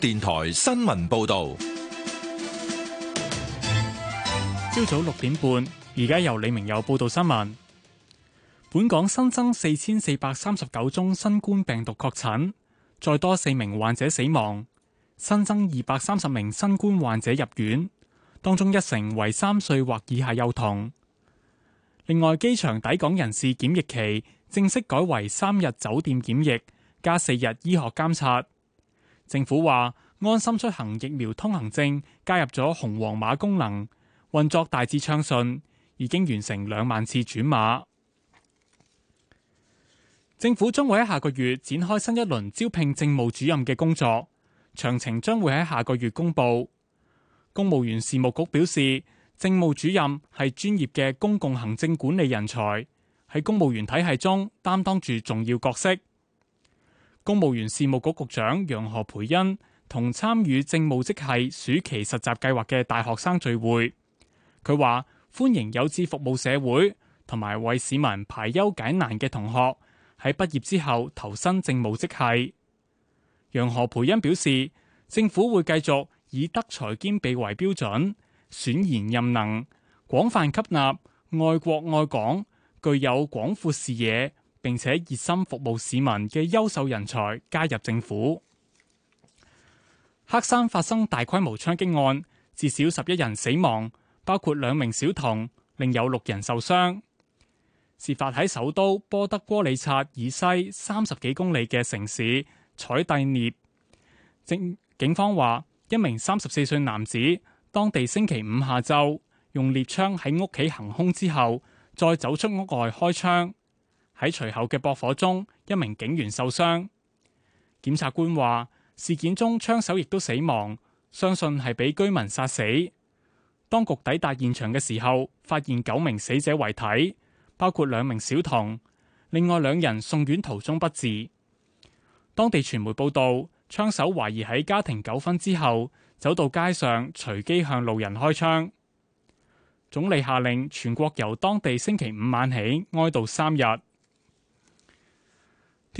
電台新聞報道，朝早六點半，而家由李明友報道新聞。本港新增四千四百三十九宗新冠病毒確診，再多四名患者死亡，新增二百三十名新冠患者入院，當中一成為三歲或以下幼童。另外，機場抵港人士檢疫期正式改為三日酒店檢疫加四日醫學監察。政府話安心出行疫苗通行證加入咗紅黃碼功能，運作大致暢順，已經完成兩萬次轉碼。政府將會喺下個月展開新一輪招聘政務主任嘅工作，詳情將會喺下個月公布。公務員事務局表示，政務主任係專業嘅公共行政管理人才，喺公務員體系中擔當住重要角色。公務員事務局局長楊何培恩同參與政務職系暑期實習計劃嘅大學生聚會，佢話，歡迎有志服務社會同埋為市民排憂解難嘅同學喺畢業之後投身政務職系。楊何培恩表示，政府會繼續以德才兼備為標準，選賢任能，廣泛吸納愛國愛港、具有廣闊視野。並且熱心服務市民嘅優秀人才加入政府。黑山發生大規模槍擊案，至少十一人死亡，包括兩名小童，另有六人受傷。事發喺首都波德戈里察以西三十幾公里嘅城市彩蒂涅。警警方話，一名三十四歲男子，當地星期五下晝用獵槍喺屋企行凶之後，再走出屋外開槍。喺隨後嘅駁火中，一名警員受傷。檢察官話，事件中槍手亦都死亡，相信係俾居民殺死。當局抵達現場嘅時候，發現九名死者遺體，包括兩名小童，另外兩人送院途中不治。當地傳媒報道，槍手懷疑喺家庭糾紛之後走到街上，隨機向路人開槍。總理下令全國由當地星期五晚起哀悼三日。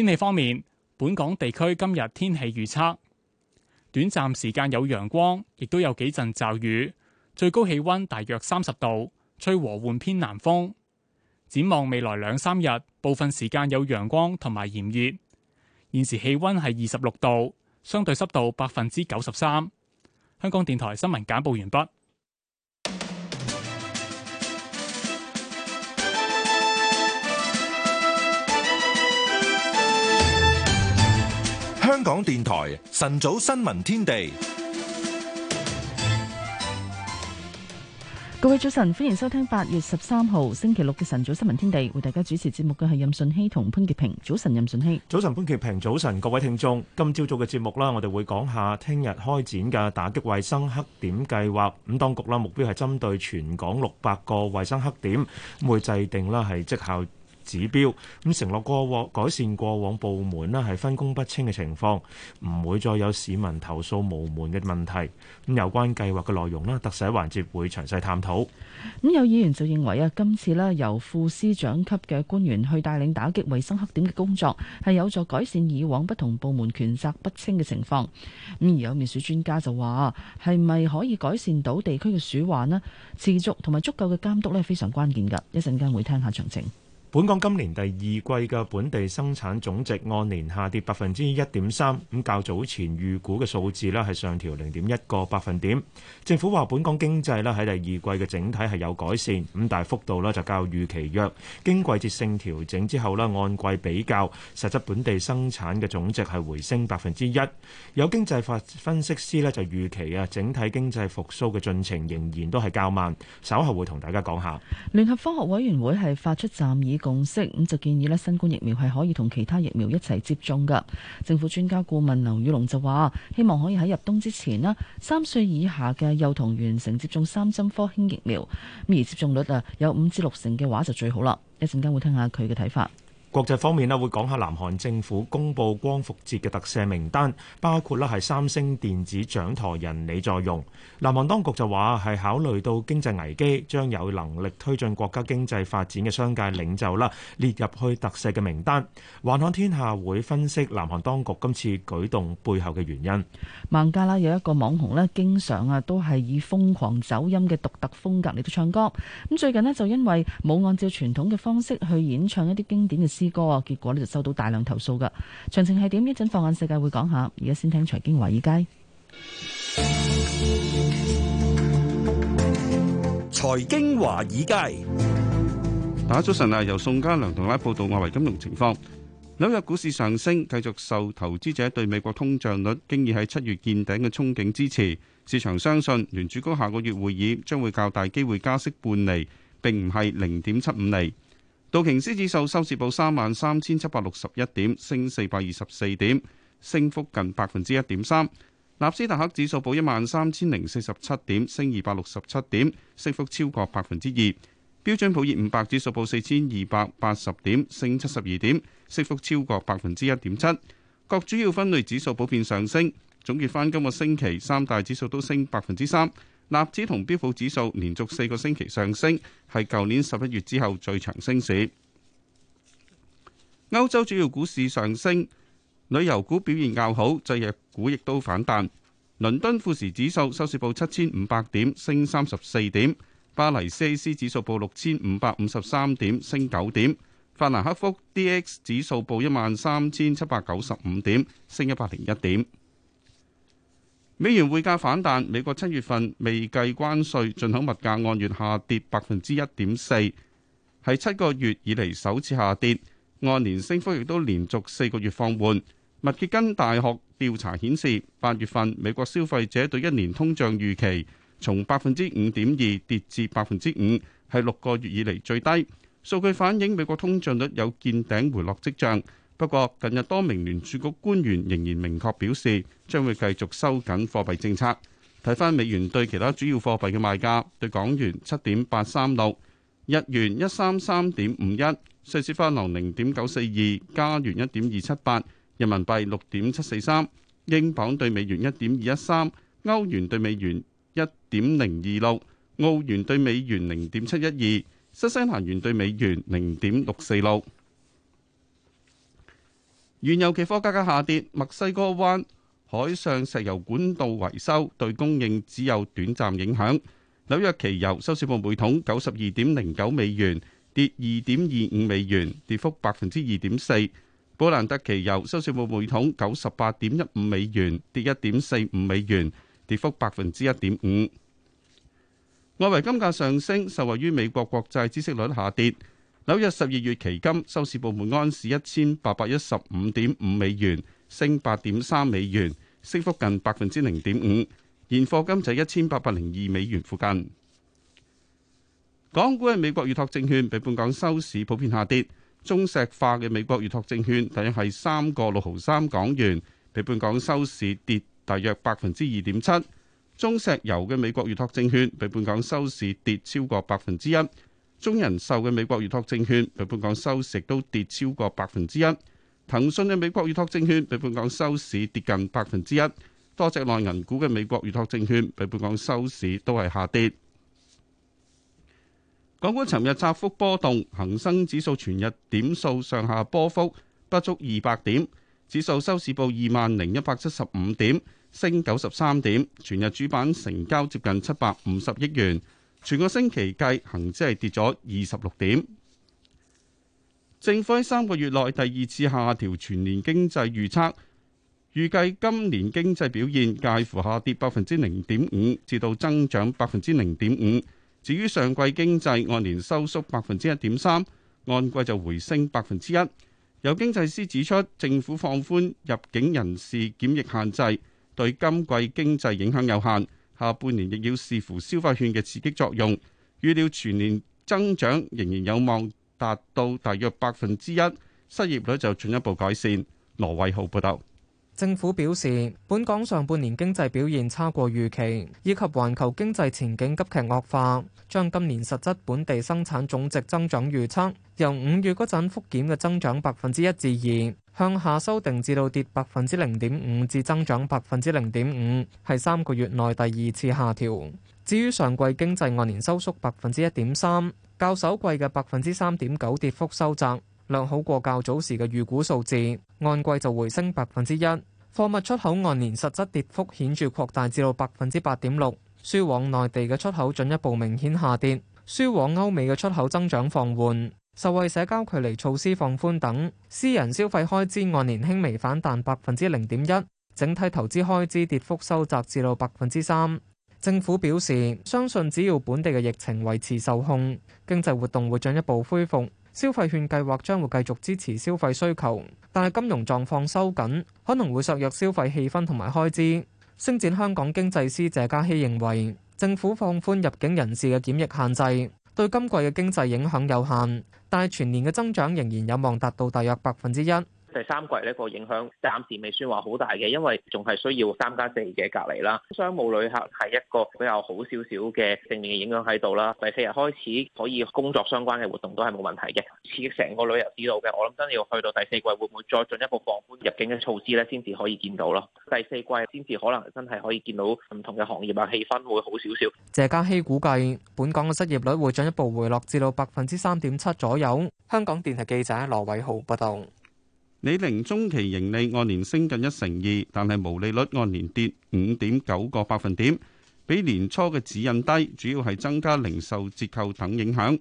天氣方面，本港地區今日天氣預測：短暫時間有陽光，亦都有幾陣驟雨，最高氣溫大約三十度，吹和緩偏南風。展望未來兩三日，部分時間有陽光同埋炎熱。現時氣溫係二十六度，相對濕度百分之九十三。香港電台新聞簡報完畢。香港電台晨早新聞天地，各位早晨，歡迎收聽八月十三號星期六嘅晨早新聞天地，為大家主持節目嘅係任順熙同潘潔平。早晨，任順熙，早晨，潘潔平，早晨，各位聽眾，今朝做嘅節目啦，我哋會講下聽日開展嘅打擊衛生黑點計劃，咁當局啦目標係針對全港六百個衛生黑點，咁會制定啦係績效。指標咁承諾過往改善過往部門呢係分工不清嘅情況，唔會再有市民投訴無門嘅問題。咁有關計劃嘅內容呢特寫環節會詳細探討。咁有議員就認為啊，今次呢由副司長級嘅官員去帶領打擊衛生黑點嘅工作，係有助改善以往不同部門權責不清嘅情況。咁而有滅鼠專家就話係咪可以改善到地區嘅鼠患呢？持續同埋足夠嘅監督呢，非常關鍵噶。一陣間會聽下詳情。本港今年第二季嘅本地生產總值按年下跌百分之一點三，咁較早前預估嘅數字咧係上調零點一個百分點。政府話本港經濟咧喺第二季嘅整體係有改善，咁但係幅度咧就較預期弱。經季節性調整之後咧，按季比較，實質本地生產嘅總值係回升百分之一。有經濟法分析師咧就預期啊，整體經濟復蘇嘅進程仍然都係較慢。稍後會同大家講下聯合科學委員會係發出暫議。共識咁就建議呢，新冠疫苗係可以同其他疫苗一齊接種噶。政府專家顧問劉宇龍就話，希望可以喺入冬之前呢，三歲以下嘅幼童完成接種三針科興疫苗。咁而接種率啊，有五至六成嘅話就最好啦。一陣間會聽下佢嘅睇法。國際方面咧，會講下南韓政府公布光復節嘅特赦名單，包括咧係三星電子掌舵人李在鎔。南韓當局就話係考慮到經濟危機，將有能力推進國家經濟發展嘅商界領袖啦，列入去特赦嘅名單。環看天下會分析南韓當局今次舉動背後嘅原因。孟加拉有一個網紅咧，經常啊都係以瘋狂走音嘅獨特風格嚟到唱歌。咁最近咧就因為冇按照傳統嘅方式去演唱一啲經典嘅之歌，結果咧就收到大量投訴噶。詳情係點？一陣放眼世界會講下。而家先聽財經華爾街。財經華爾街，大家早晨啊！由宋家良同拉報道外圍金融情況。紐約股市上升，繼續受投資者對美國通脹率經已喺七月見頂嘅憧憬支持。市場相信聯儲局下個月會議將會較大機會加息半厘，並唔係零點七五厘。道瓊斯指數收市報三萬三千七百六十一點，升四百二十四點，升幅近百分之一點三。納斯達克指數報一萬三千零四十七點，升二百六十七點，升幅超過百分之二。標準普爾五百指數報四千二百八十點，升七十二點，升幅超過百分之一點七。各主要分類指數普遍上升。總結翻今個星期，三大指數都升百分之三。納指同標普指數連續四個星期上升，係舊年十一月之後最長升市。歐洲主要股市上升，旅遊股表現較好，製藥股亦都反彈。倫敦富時指數收市報七千五百點，升三十四點；巴黎 CAC 指數報六千五百五十三點，升九點；法蘭克福 DAX 指數報一萬三千七百九十五點，升一百零一點。美元匯價反彈，美國七月份未計關稅進口物價按月下跌百分之一點四，係七個月以嚟首次下跌，按年升幅亦都連續四個月放緩。密歇根大學調查顯示，八月份美國消費者對一年通脹預期從百分之五點二跌至百分之五，係六個月以嚟最低。數據反映美國通脹率有見頂回落跡象。不過，近日多名聯儲局官員仍然明確表示，將會繼續收緊貨幣政策。睇返美元對其他主要貨幣嘅賣價：對港元七點八三六，日元一三三點五一，瑞士法郎零點九四二，加元一點二七八，人民幣六點七四三，英鎊對美元一點二一三，歐元對美元一點零二六，澳元對美元零點七一二，新西蘭元對美元零點六四六。原油期貨價格下跌，墨西哥灣海上石油管道維修對供應只有短暫影響。紐約期油收市報每桶九十二點零九美元，跌二點二五美元，跌幅百分之二點四。布蘭特期油收市報每桶九十八點一五美元，跌一點四五美元，跌幅百分之一點五。外圍金價上升，受惠於美國國債孳息率下跌。紐約十二月期金收市報每安市一千八百一十五點五美元，升八點三美元，升幅近百分之零點五。現貨金就一千八百零二美元附近。港股嘅美國預託證券被本港收市普遍下跌，中石化嘅美國預託證券大約係三個六毫三港元，被本港收市跌大約百分之二點七。中石油嘅美國預託證券被本港收市跌超過百分之一。中人壽嘅美國預託證券比本港收市都跌超過百分之一，騰訊嘅美國預託證券比本港收市跌近百分之一，多隻內銀股嘅美國預託證券比本港收市都係下跌。港股尋日窄幅波動，恒生指數全日點數上下波幅不足二百點，指數收市報二萬零一百七十五點，升九十三點，全日主板成交接近七百五十億元。全個星期計，恒指係跌咗二十六點。政府喺三個月內第二次下調全年經濟預測，預計今年經濟表現介乎下跌百分之零點五至到增長百分之零點五。至於上季經濟按年收縮百分之一點三，按季就回升百分之一。有經濟師指出，政府放寬入境人士檢疫限制，對今季經濟影響有限。下半年亦要視乎消費券嘅刺激作用，預料全年增長仍然有望達到大約百分之一，失業率就進一步改善。羅偉浩報道。政府表示，本港上半年經濟表現差過預期，以及環球經濟前景急劇惡化，將今年實質本地生產總值增長預測由五月嗰陣復檢嘅增長百分之一至二向下修訂至到跌百分之零點五至增長百分之零點五，係三個月內第二次下調。至於上季經濟按年收縮百分之一點三，較首季嘅百分之三點九跌幅收窄。略好過較早時嘅預估數字，按季就回升百分之一。貨物出口按年實質跌幅顯著擴大，至到百分之八點六。輸往內地嘅出口進一步明顯下跌，輸往歐美嘅出口增長放緩，受惠社交距離措施放寬等。私人消費開支按年輕微反彈百分之零點一，整體投資開支跌幅收窄至到百分之三。政府表示，相信只要本地嘅疫情維持受控，經濟活動會進一步恢復。消費券計劃將會繼續支持消費需求，但係金融狀況收緊，可能會削弱消費氣氛同埋開支。星展香港經濟師謝家熙認為，政府放寬入境人士嘅檢疫限制，對今季嘅經濟影響有限，但係全年嘅增長仍然有望達到大約百分之一。第三季呢個影響暫時未算話好大嘅，因為仲係需要三加四嘅隔離啦。商務旅客係一個比較好少少嘅正面嘅影響喺度啦。第四日開始可以工作相關嘅活動都係冇問題嘅，刺激成個旅遊指導嘅。我諗真係要去到第四季會唔會再進一步放寬入境嘅措施咧，先至可以見到咯。第四季先至可能真係可以見到唔同嘅行業啊，氣氛會好少少。謝家希估計本港嘅失業率會進一步回落至到百分之三點七左右。香港電台記者羅偉豪報道。李寧中期盈利按年升近一成二，但係毛利率按年跌五點九個百分點，比年初嘅指引低，主要係增加零售折扣等影響。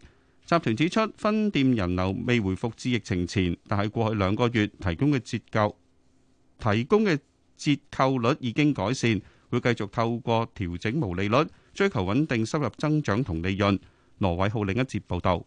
集團指出，分店人流未回復至疫情前，但係過去兩個月提供嘅折扣提供嘅折扣率已經改善，會繼續透過調整毛利率，追求穩定收入增長同利潤。羅偉浩另一節報道。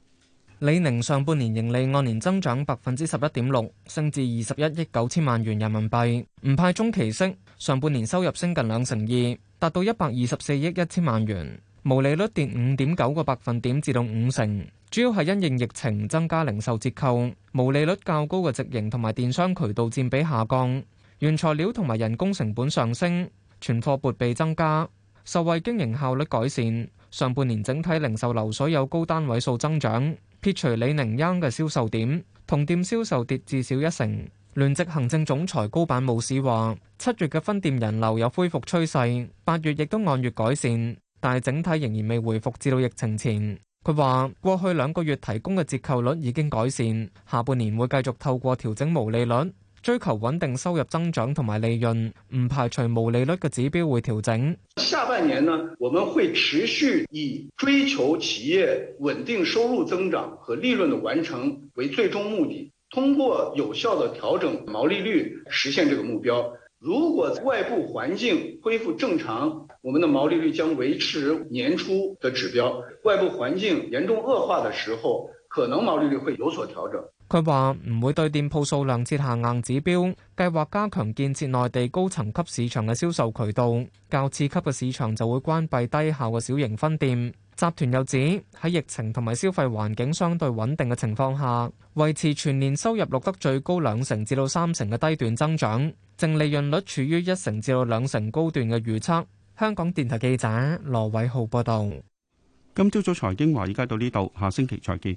李寧上半年盈利按年增長百分之十一點六，升至二十一億九千萬元人民幣，唔派中期息。上半年收入升近兩成二，達到一百二十四億一千萬元，毛利率跌五點九個百分點至到五成，主要係因應疫情增加零售折扣，毛利率較高嘅直營同埋電商渠道佔比下降，原材料同埋人工成本上升，存貨撥備增加，受惠經營效率改善。上半年整體零售流水有高單位數增長。撇除李寧央嘅銷售點，同店銷售跌至少一成。聯席行政總裁高板武史話，七月嘅分店人流有恢復趨勢，八月亦都按月改善，但係整體仍然未回復至到疫情前。佢話，過去兩個月提供嘅折扣率已經改善，下半年會繼續透過調整毛利率。追求穩定收入增長同埋利潤，唔排除毛利率嘅指標會調整。下半年呢，我們會持續以追求企業穩定收入增長和利潤的完成為最終目的，通過有效的調整毛利率實現這個目標。如果外部環境恢復正常，我們的毛利率將維持年初的指標；外部環境嚴重惡化的時候，可能毛利率會有所調整。佢話唔會對店鋪數量設下硬指標，計劃加強建設內地高層級市場嘅銷售渠道，較次級嘅市場就會關閉低效嘅小型分店。集團又指喺疫情同埋消費環境相對穩定嘅情況下，維持全年收入錄得最高兩成至到三成嘅低段增長，淨利潤率處於一成至到兩成高段嘅預測。香港電台記者羅偉浩報道。今朝早財經華爾街到呢度，下星期再見。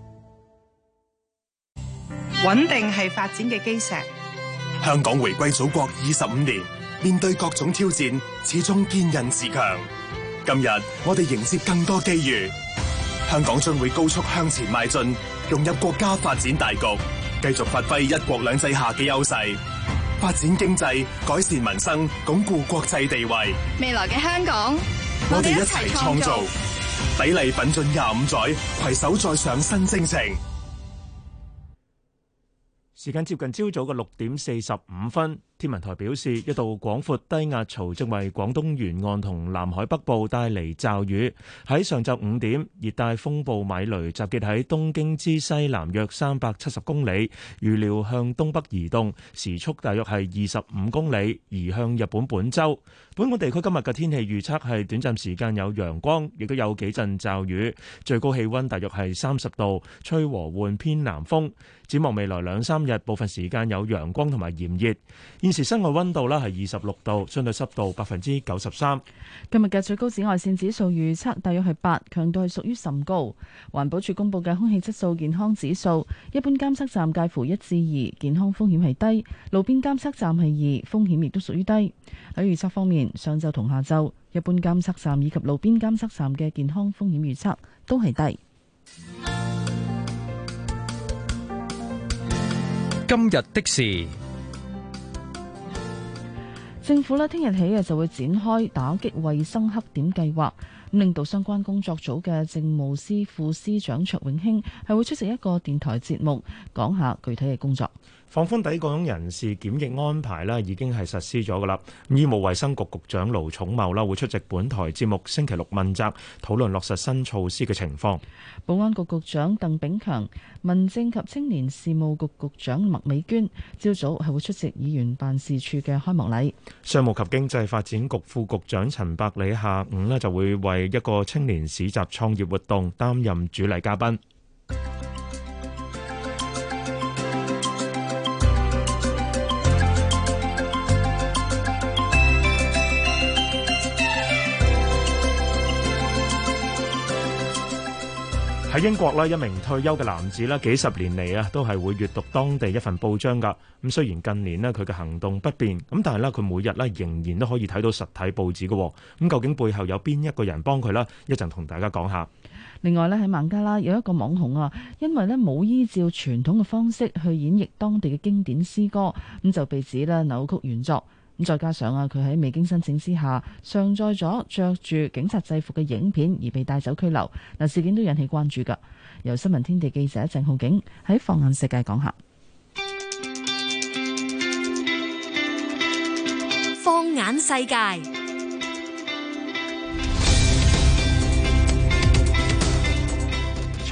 穩定係發展嘅基石。香港回歸祖國二十五年，面對各種挑戰，始終堅韌自強。今日我哋迎接更多機遇，香港將會高速向前邁進，融入國家發展大局，繼續發揮一國兩制下嘅優勢，發展經濟，改善民生，鞏固國際地位。未來嘅香港，我哋一齊創造，砥礪奮進廿五載，攜手再上新征程。時間接近朝早嘅六點四十五分。天文台表示，一道廣闊低壓槽正為廣東沿岸同南海北部帶嚟驟雨。喺上晝五點，熱帶風暴米雷集結喺東京之西南約三百七十公里，預料向東北移動，時速大約係二十五公里，移向日本本州。本港地區今日嘅天氣預測係短暫時間有陽光，亦都有幾陣驟雨，最高氣溫大約係三十度，吹和緩偏南風。展望未來兩三日，部分時間有陽光同埋炎熱。現時室外溫度呢係二十六度，相對濕度百分之九十三。今日嘅最高紫外線指數預測大約係八，強度係屬於甚高。環保署公布嘅空氣質素健康指數，一般監測站介乎一至二，健康風險係低；路邊監測站係二，風險亦都屬於低。喺預測方面，上晝同下晝，一般監測站以及路邊監測站嘅健康風險預測都係低。今日的事。政府呢，聽日起啊，就會展開打擊衞生黑點計劃，咁令到相關工作組嘅政務司副司長卓永興係會出席一個電台節目，講下具體嘅工作。放寬抵港人士檢疫安排咧，已經係實施咗噶啦。醫務衛生局局長盧寵茂啦，會出席本台節目星期六問責，討論落實新措施嘅情況。保安局局長鄧炳強、民政及青年事務局局長麥美娟，朝早係會出席議員辦事處嘅開幕禮。商務及經濟發展局副局長陳百里下午呢就會為一個青年市集創業活動擔任主禮嘉賓。喺英國呢，一名退休嘅男子呢，幾十年嚟啊，都係會閱讀當地一份報章噶。咁雖然近年呢佢嘅行動不便，咁但係呢佢每日呢仍然都可以睇到實體報紙噶。咁究竟背後有邊一個人幫佢呢？一陣同大家講下。另外呢喺孟加拉有一個網紅啊，因為呢冇依照傳統嘅方式去演繹當地嘅經典詩歌，咁就被指呢扭曲原作。咁再加上啊，佢喺未經申請之下，上載咗着住警察制服嘅影片而被帶走拘留，嗱，事件都引起關注㗎。由新聞天地記者鄭浩景喺放眼世界講下，放眼世界。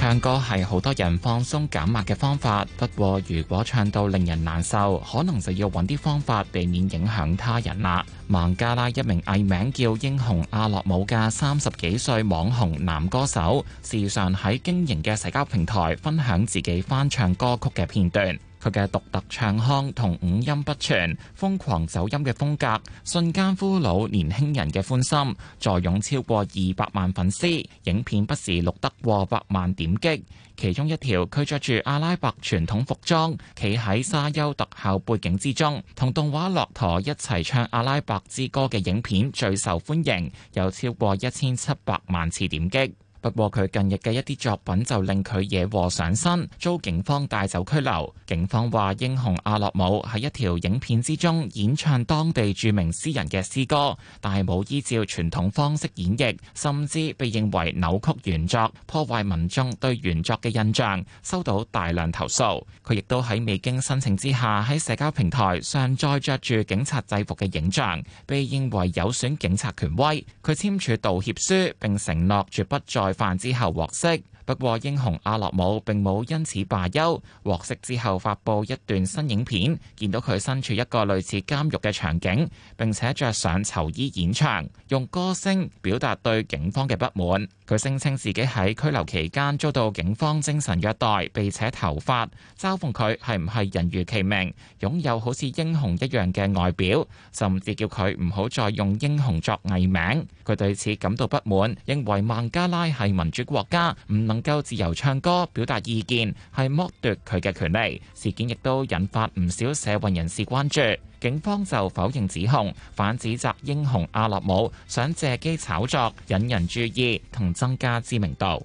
唱歌係好多人放鬆減壓嘅方法，不過如果唱到令人難受，可能就要揾啲方法避免影響他人啦。孟加拉一名藝名叫英雄阿洛姆嘅三十幾歲網紅男歌手，時常喺經營嘅社交平台分享自己翻唱歌曲嘅片段。佢嘅獨特唱腔同五音不全、瘋狂走音嘅風格，瞬間俘虜年輕人嘅歡心，坐擁超過二百萬粉絲。影片不時錄得過百萬點擊，其中一條佢着住阿拉伯傳統服裝，企喺沙丘特效背景之中，同動畫駱駝一齊唱阿拉伯之歌嘅影片最受歡迎，有超過一千七百萬次點擊。不過佢近日嘅一啲作品就令佢惹禍上身，遭警方帶走拘留。警方話，英雄阿樂姆喺一條影片之中演唱當地著名詩人嘅詩歌，但係冇依照傳統方式演繹，甚至被認為扭曲原作，破壞民眾對原作嘅印象，收到大量投訴。佢亦都喺未經申請之下喺社交平台上載著住警察制服嘅影像，被認為有損警察權威。佢簽署道歉書並承諾絕不再飯之後獲釋。不過英雄阿洛姆並冇因此罷休，獲釋之後發布一段新影片，見到佢身處一個類似監獄嘅場景，並且着上囚衣演唱，用歌聲表達對警方嘅不滿。佢聲稱自己喺拘留期間遭到警方精神虐待，被扯頭髮，嘲諷佢係唔係人如其名，擁有好似英雄一樣嘅外表，甚至叫佢唔好再用英雄作藝名。佢對此感到不滿，認為孟加拉係民主國家，唔能。夠自由唱歌、表達意見，係剝奪佢嘅權利。事件亦都引發唔少社運人士關注。警方就否認指控，反指責英雄阿樂姆想借機炒作、引人注意同增加知名度。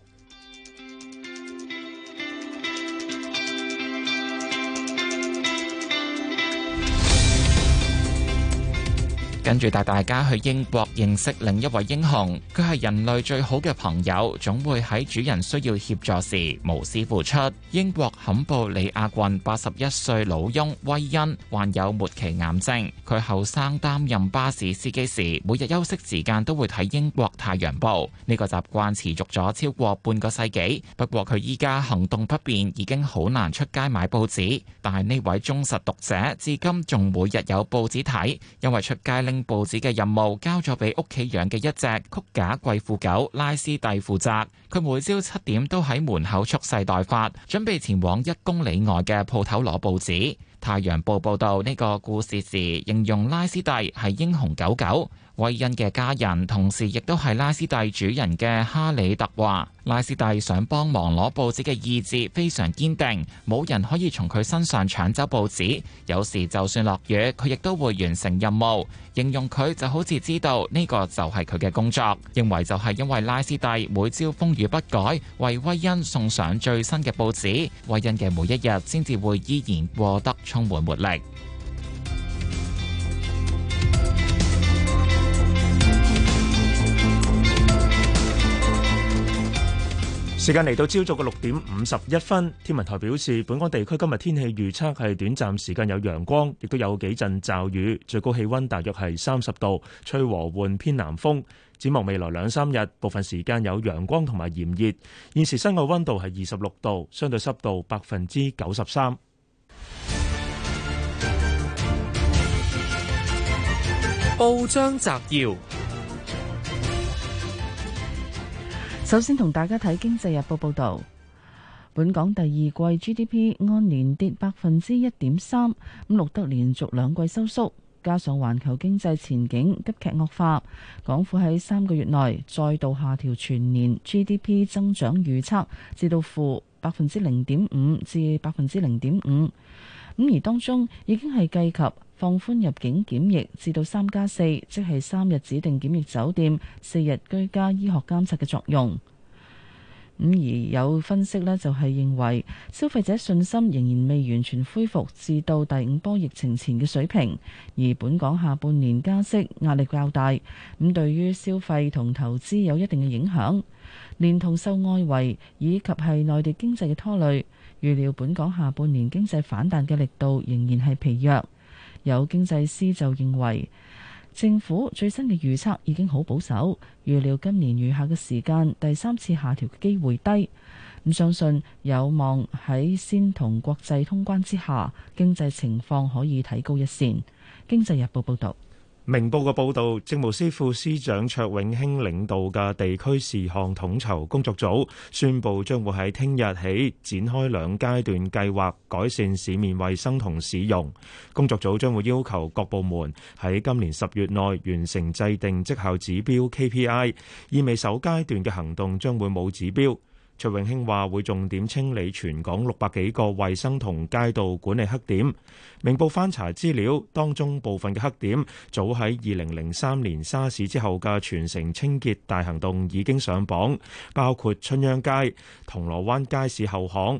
跟住帶大家去英國認識另一位英雄，佢係人類最好嘅朋友，總會喺主人需要協助時無私付出。英國坎布里亞郡八十一歲老翁威恩患有末期癌症，佢後生擔任巴士司機時，每日休息時間都會睇英國太陽報，呢個習慣持續咗超過半個世紀。不過佢依家行動不便，已經好難出街買報紙，但係呢位忠實讀者至今仲每日有報紙睇，因為出街拎報紙嘅任務交咗俾屋企養嘅一隻曲架貴婦狗拉斯蒂負責，佢每朝七點都喺門口蓄勢待發，準備前往一公里外嘅鋪頭攞報紙。太陽報報道呢個故事時，形容拉斯蒂係英雄狗狗。威恩嘅家人，同時亦都係拉斯蒂主人嘅哈里特話：拉斯蒂想幫忙攞報紙嘅意志非常堅定，冇人可以從佢身上搶走報紙。有時就算落雨，佢亦都會完成任務。形容佢就好似知道呢個就係佢嘅工作，認為就係因為拉斯蒂每朝風雨不改，為威恩送上最新嘅報紙，威恩嘅每一日先至會依然過得充滿活力。時間嚟到朝早嘅六點五十一分，天文台表示，本港地區今日天氣預測係短暫時間有陽光，亦都有幾陣驟雨，最高氣温大約係三十度，吹和緩偏南風。展望未來兩三日，部分時間有陽光同埋炎熱。現時室外温度係二十六度，相對濕度百分之九十三。報章摘要。首先同大家睇《經濟日報》報道，本港第二季 GDP 按年跌百分之一點三，咁錄得連續兩季收縮，加上環球經濟前景急劇惡化，港府喺三個月內再度下調全年 GDP 增長預測，至到負百分之零點五至百分之零點五。咁而當中已經係計及。放寬入境檢疫至到三加四，4，即係三日指定檢疫酒店，四日居家醫學監察嘅作用。咁而有分析呢，就係認為消費者信心仍然未完全恢復至到第五波疫情前嘅水平，而本港下半年加息壓力較大，咁對於消費同投資有一定嘅影響，連同受外圍以及係內地經濟嘅拖累，預料本港下半年經濟反彈嘅力度仍然係疲弱。有經濟師就認為，政府最新嘅預測已經好保守，預料今年餘下嘅時間第三次下調嘅機會低。咁相信有望喺先同國際通關之下，經濟情況可以提高一線。經濟日報報道。明報嘅報導，政務司副司長卓永興領導嘅地區事項統籌工作組宣佈，將會喺聽日起展開兩階段計劃，改善市面衞生同市容。工作組將會要求各部門喺今年十月內完成制定績效指標 KPI，意味首階段嘅行動將會冇指標。卓永興話會重點清理全港六百幾個衛生同街道管理黑點，明報翻查資料，當中部分嘅黑點早喺二零零三年沙士之後嘅全城清潔大行動已經上榜，包括春秧街、銅鑼灣街市後巷。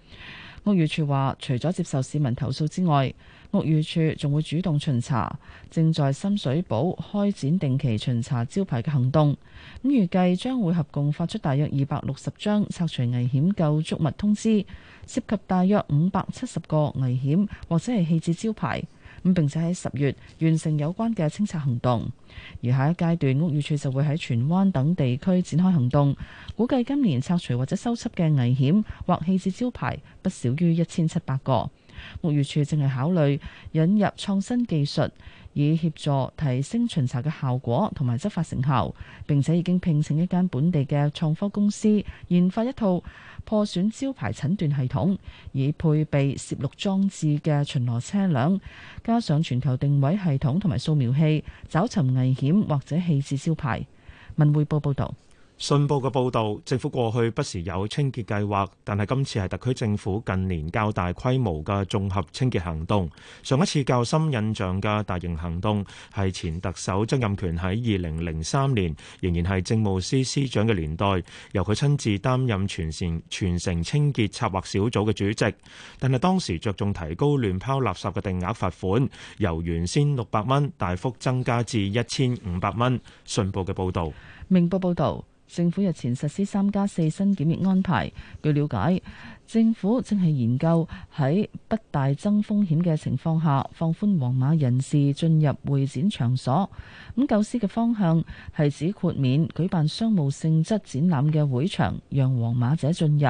屋宇署話，除咗接受市民投訴之外，屋宇署仲會主動巡查，正在深水埗開展定期巡查招牌嘅行動。咁預計將會合共發出大約二百六十張拆除危險構築物通知，涉及大約五百七十個危險或者係棄置招牌。咁並且喺十月完成有關嘅清拆行動，而下一階段屋宇處就會喺荃灣等地區展開行動，估計今年拆除或者收葺嘅危險或棄置招牌不少於一千七百個。屋宇處正係考慮引入創新技術。以協助提升巡查嘅效果同埋執法成效，並且已經聘請一間本地嘅創科公司研發一套破損招牌診斷系統，以配備攝錄裝置嘅巡邏車輛，加上全球定位系統同埋掃描器，找尋危險或者棄置招牌。文匯報報導。信報嘅報導，政府過去不時有清潔計劃，但係今次係特區政府近年較大規模嘅綜合清潔行動。上一次較深印象嘅大型行動係前特首曾蔭權喺二零零三年，仍然係政務司司長嘅年代，由佢親自擔任全城全城清潔策劃小組嘅主席。但係當時着重提高亂拋垃圾嘅定額罰款，由原先六百蚊大幅增加至一千五百蚊。信報嘅報導，明報報導。政府日前實施三加四新檢疫安排。據了解，政府正係研究喺不大增風險嘅情況下，放寬黃碼人士進入會展場所。咁舊司嘅方向係指豁免舉辦商務性質展覽嘅會場，讓黃碼者進入；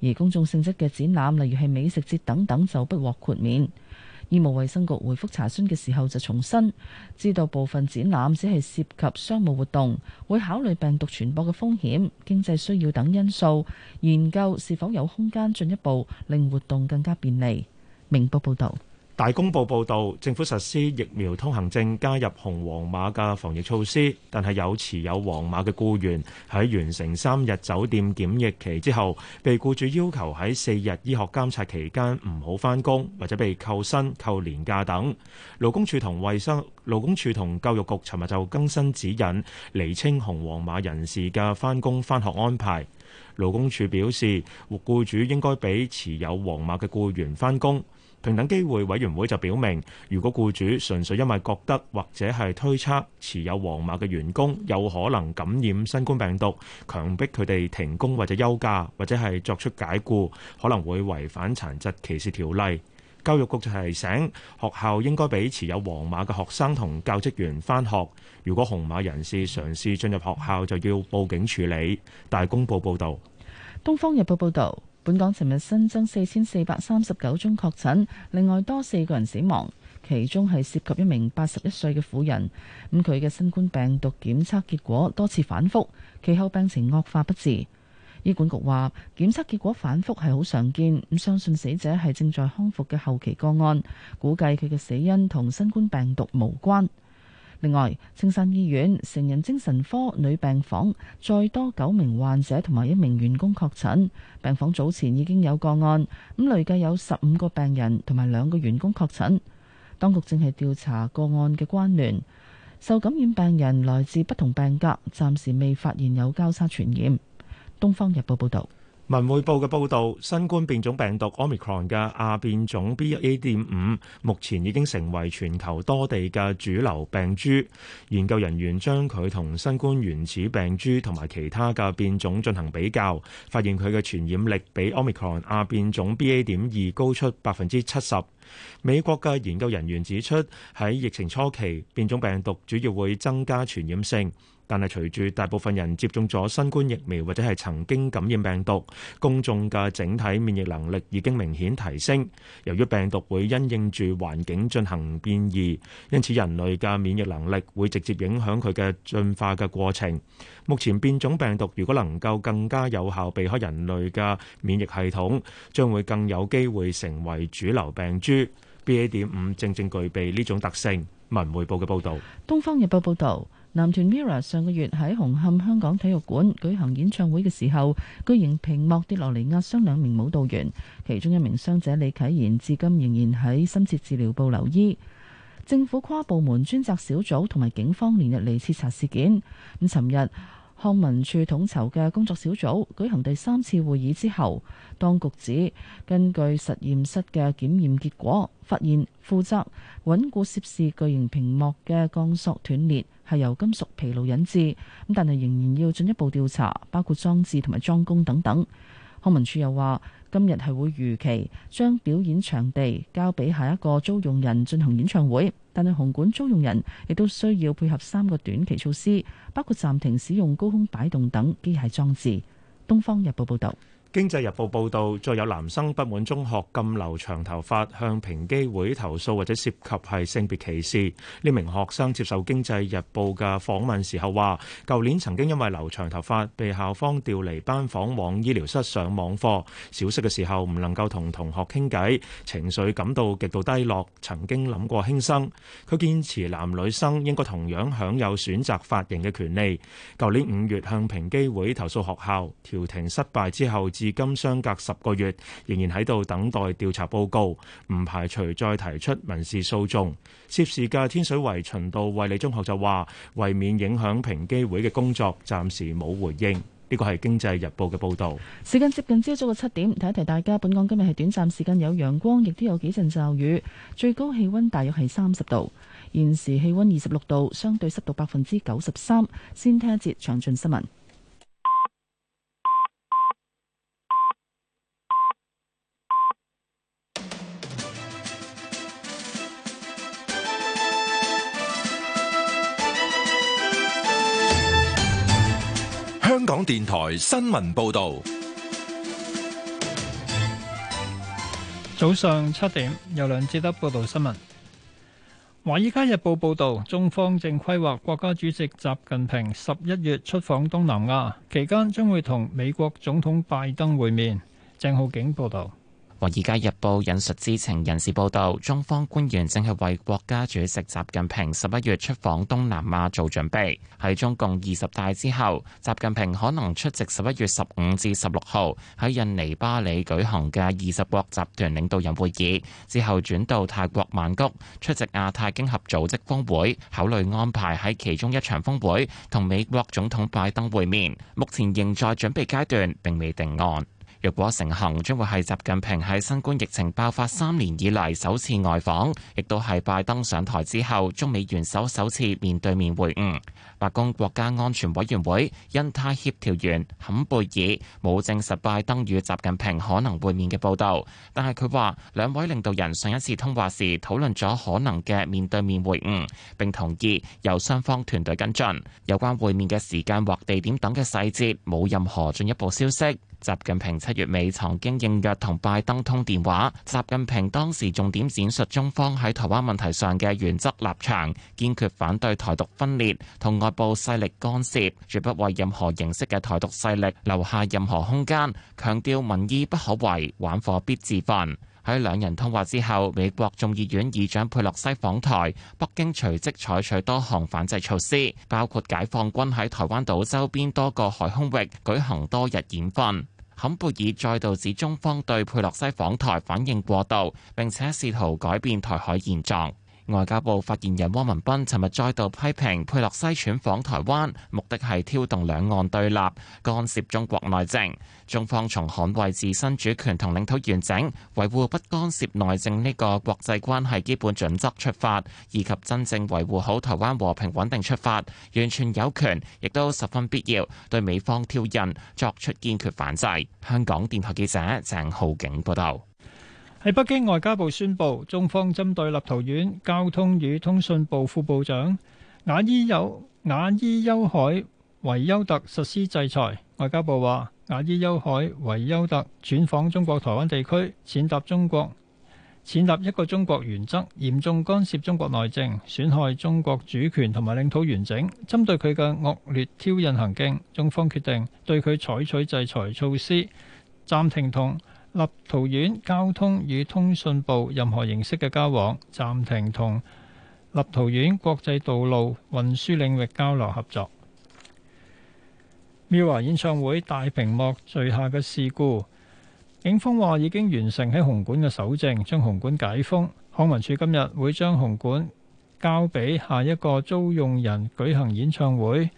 而公眾性質嘅展覽，例如係美食節等等，就不獲豁免。醫務衛生局回覆查詢嘅時候就重申，知道部分展覽只係涉及商務活動，會考慮病毒傳播嘅風險、經濟需要等因素，研究是否有空間進一步令活動更加便利。明報報導。大公報報導，政府實施疫苗通行證，加入紅黃碼嘅防疫措施。但係有持有黃碼嘅僱員喺完成三日酒店檢疫期之後，被僱主要求喺四日醫學監察期間唔好返工，或者被扣薪、扣年假等。勞工處同衛生勞工處同教育局尋日就更新指引，釐清紅黃碼人士嘅返工、返學安排。勞工處表示，僱主應該俾持有黃碼嘅僱員返工。平等，等機會委員會就表明，如果僱主純粹因為覺得或者係推測持有黃碼嘅員工有可能感染新冠病毒，強迫佢哋停工或者休假或者係作出解僱，可能會違反殘疾歧視條例。教育局就提醒學校應該俾持有黃碼嘅學生同教職員返學。如果紅碼人士嘗試進入學校，就要報警處理。大公報報導，《東方日報》報道，報導。本港尋日新增四千四百三十九宗確診，另外多四個人死亡，其中係涉及一名八十一歲嘅婦人。咁佢嘅新冠病毒檢測結果多次反覆，其後病情惡化不治。醫管局話，檢測結果反覆係好常見，咁相信死者係正在康復嘅後期個案，估計佢嘅死因同新冠病毒無關。另外，青山醫院成人精神科女病房再多九名患者同埋一名員工確診，病房早前已經有個案，咁累計有十五個病人同埋兩個員工確診。當局正係調查個案嘅關聯，受感染病人來自不同病格，暫時未發現有交叉傳染。《東方日報》報道。文匯報嘅報道，新冠變種病毒 Omicron 嘅亞變種 BA.5 目前已經成為全球多地嘅主流病株。研究人員將佢同新冠原始病株同埋其他嘅變種進行比較，發現佢嘅傳染力比 Omicron 亞變種 BA.2 高出百分之七十。美國嘅研究人員指出，喺疫情初期，變種病毒主要會增加傳染性。但係，隨住大部分人接種咗新冠疫苗或者係曾經感染病毒，公眾嘅整體免疫能力已經明顯提升。由於病毒會因應住環境進行變異，因此人類嘅免疫能力會直接影響佢嘅進化嘅過程。目前變種病毒如果能夠更加有效避開人類嘅免疫系統，將會更有機會成為主流病株。B A 點五正正具備呢種特性。文匯報嘅報導，東方日報報導。男團 MIRROR 上個月喺紅磡香港體育館舉行演唱會嘅時候，巨型屏幕跌落嚟，壓傷兩名舞蹈員，其中一名傷者李啟賢至今仍然喺深切治療部留醫。政府跨部門專責小組同埋警方連日嚟徹查事件。咁，尋日康文署統籌嘅工作小組舉行第三次會議之後，當局指根據實驗室嘅檢驗結果，發現負責穩固涉事巨型屏幕嘅鋼索斷裂，係由金屬疲勞引致，咁但係仍然要進一步調查，包括裝置同埋裝工等等。康文署又話，今日係會如期將表演場地交俾下一個租用人進行演唱會，但係紅館租用人亦都需要配合三個短期措施，包括暫停使用高空擺動等機械裝置。《東方日報》報道。經濟日報報導，再有男生不滿中學禁留長頭髮，向平機會投訴，或者涉及係性別歧視。呢名學生接受經濟日報嘅訪問時候話，舊年曾經因為留長頭髮被校方調離班房，往醫療室上網課，小息嘅時候唔能夠同同學傾偈，情緒感到極度低落，曾經諗過輕生。佢堅持男女生應該同樣享有選擇髮型嘅權利。舊年五月向平機會投訴學校，調停失敗之後，至今相隔十個月，仍然喺度等待調查報告，唔排除再提出民事訴訟。涉事嘅天水圍循道衛理中學就話，為免影響平機會嘅工作，暫時冇回應。呢個係《經濟日報》嘅報道。時間接近朝早嘅七點，提一提大家，本港今日係短暫時間有陽光，亦都有幾陣驟雨，最高氣溫大約係三十度，現時氣溫二十六度，相對濕度百分之九十三。先聽一節詳盡新聞。香港電台新聞報道，早上七點有梁志德報道新聞。《華爾街日報》報道，中方正規劃國家主席習近平十一月出訪東南亞，期間將會同美國總統拜登會面。鄭浩景報道。《華爾街日報》引述知情人士報道，中方官員正係為國家主席習近平十一月出訪東南亞做準備。喺中共二十大之後，習近平可能出席十一月十五至十六號喺印尼巴里舉行嘅二十國集團領導人會議，之後轉到泰國曼谷出席亞太經合組織峰會，考慮安排喺其中一場峰會同美國總統拜登會面，目前仍在準備階段，並未定案。若果成行，將會係習近平喺新冠疫情爆發三年以嚟首次外訪，亦都係拜登上台之後，中美元首首次面對面會晤。白宮國家安全委員會印太協調員坎貝爾冇證實拜登與習近平可能會面嘅報道，但係，佢話兩位領導人上一次通話時討論咗可能嘅面對面會晤，並同意由雙方團隊跟進有關會面嘅時間或地點等嘅細節，冇任何進一步消息。習近平七月尾曾經應約同拜登通電話，習近平當時重點闡述中方喺台灣問題上嘅原則立場，堅決反對台獨分裂同外部勢力干涉，絕不為任何形式嘅台獨勢力留下任何空間，強調民意不可違，玩火必自焚。喺兩人通話之後，美國眾議院議長佩洛西訪台，北京隨即採取多項反制措施，包括解放軍喺台灣島周邊多個海空域舉行多日演訓。坎貝爾再度指中方對佩洛西訪台反應過度，並且試圖改變台海現狀。外交部發言人汪文斌尋日再度批評佩洛西竄訪台灣，目的係挑動兩岸對立、干涉中國內政。中方從捍衛自身主權同領土完整、維護不干涉內政呢個國際關係基本準則出發，以及真正維護好台灣和平穩定出發，完全有權，亦都十分必要，對美方挑釁作出堅決反制。香港電台記者鄭浩景報道。喺北京外交部宣布，中方針對立陶宛交通與通信部副部長雅伊有雅伊丘海維丘特實施制裁。外交部話，雅伊丘海維丘特轉訪中國台灣地區，踐踏中國、踐踏一個中國原則，嚴重干涉中國內政，損害中國主權同埋領土完整。針對佢嘅惡劣挑釁行徑，中方決定對佢採取制裁措施，暫停同立陶宛交通與通訊部任何形式嘅交往暫停，同立陶宛國際道路運輸領域交流合作。MIRROR 演唱會大屏幕墜下嘅事故，警方話已經完成喺紅館嘅搜證，將紅館解封。康文署今日會將紅館交俾下一個租用人舉行演唱會。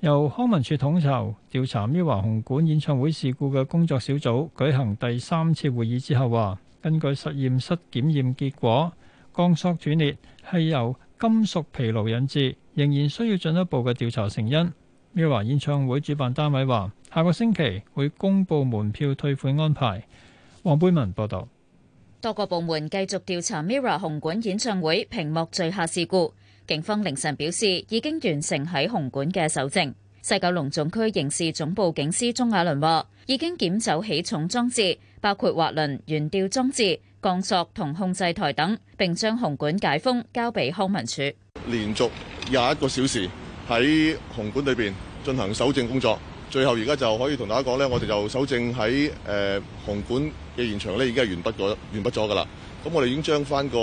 由康文署統籌調查 MIRA 紅館演唱會事故嘅工作小組舉行第三次會議之後，話根據實驗室檢驗結果，鋼索斷裂係由金屬疲勞引致，仍然需要進一步嘅調查成因。MIRA 演唱會主辦單位話，下個星期會公布門票退款安排。黃貝文報道，多個部門繼續調查 MIRA 紅館演唱會屏幕墜下事故。警方凌晨表示，已經完成喺紅館嘅搜證，西九龍總區刑事總部警司鍾亞倫話已經檢走起重裝置，包括滑輪懸吊裝置、鋼索同控制台等，並將紅館解封交，交俾康文署連續廿一個小時喺紅館裏邊進行搜證工作，最後而家就可以同大家講咧，我哋就搜證喺誒紅館嘅現場咧，已經係完畢咗，完畢咗噶啦。咁我哋已經將翻個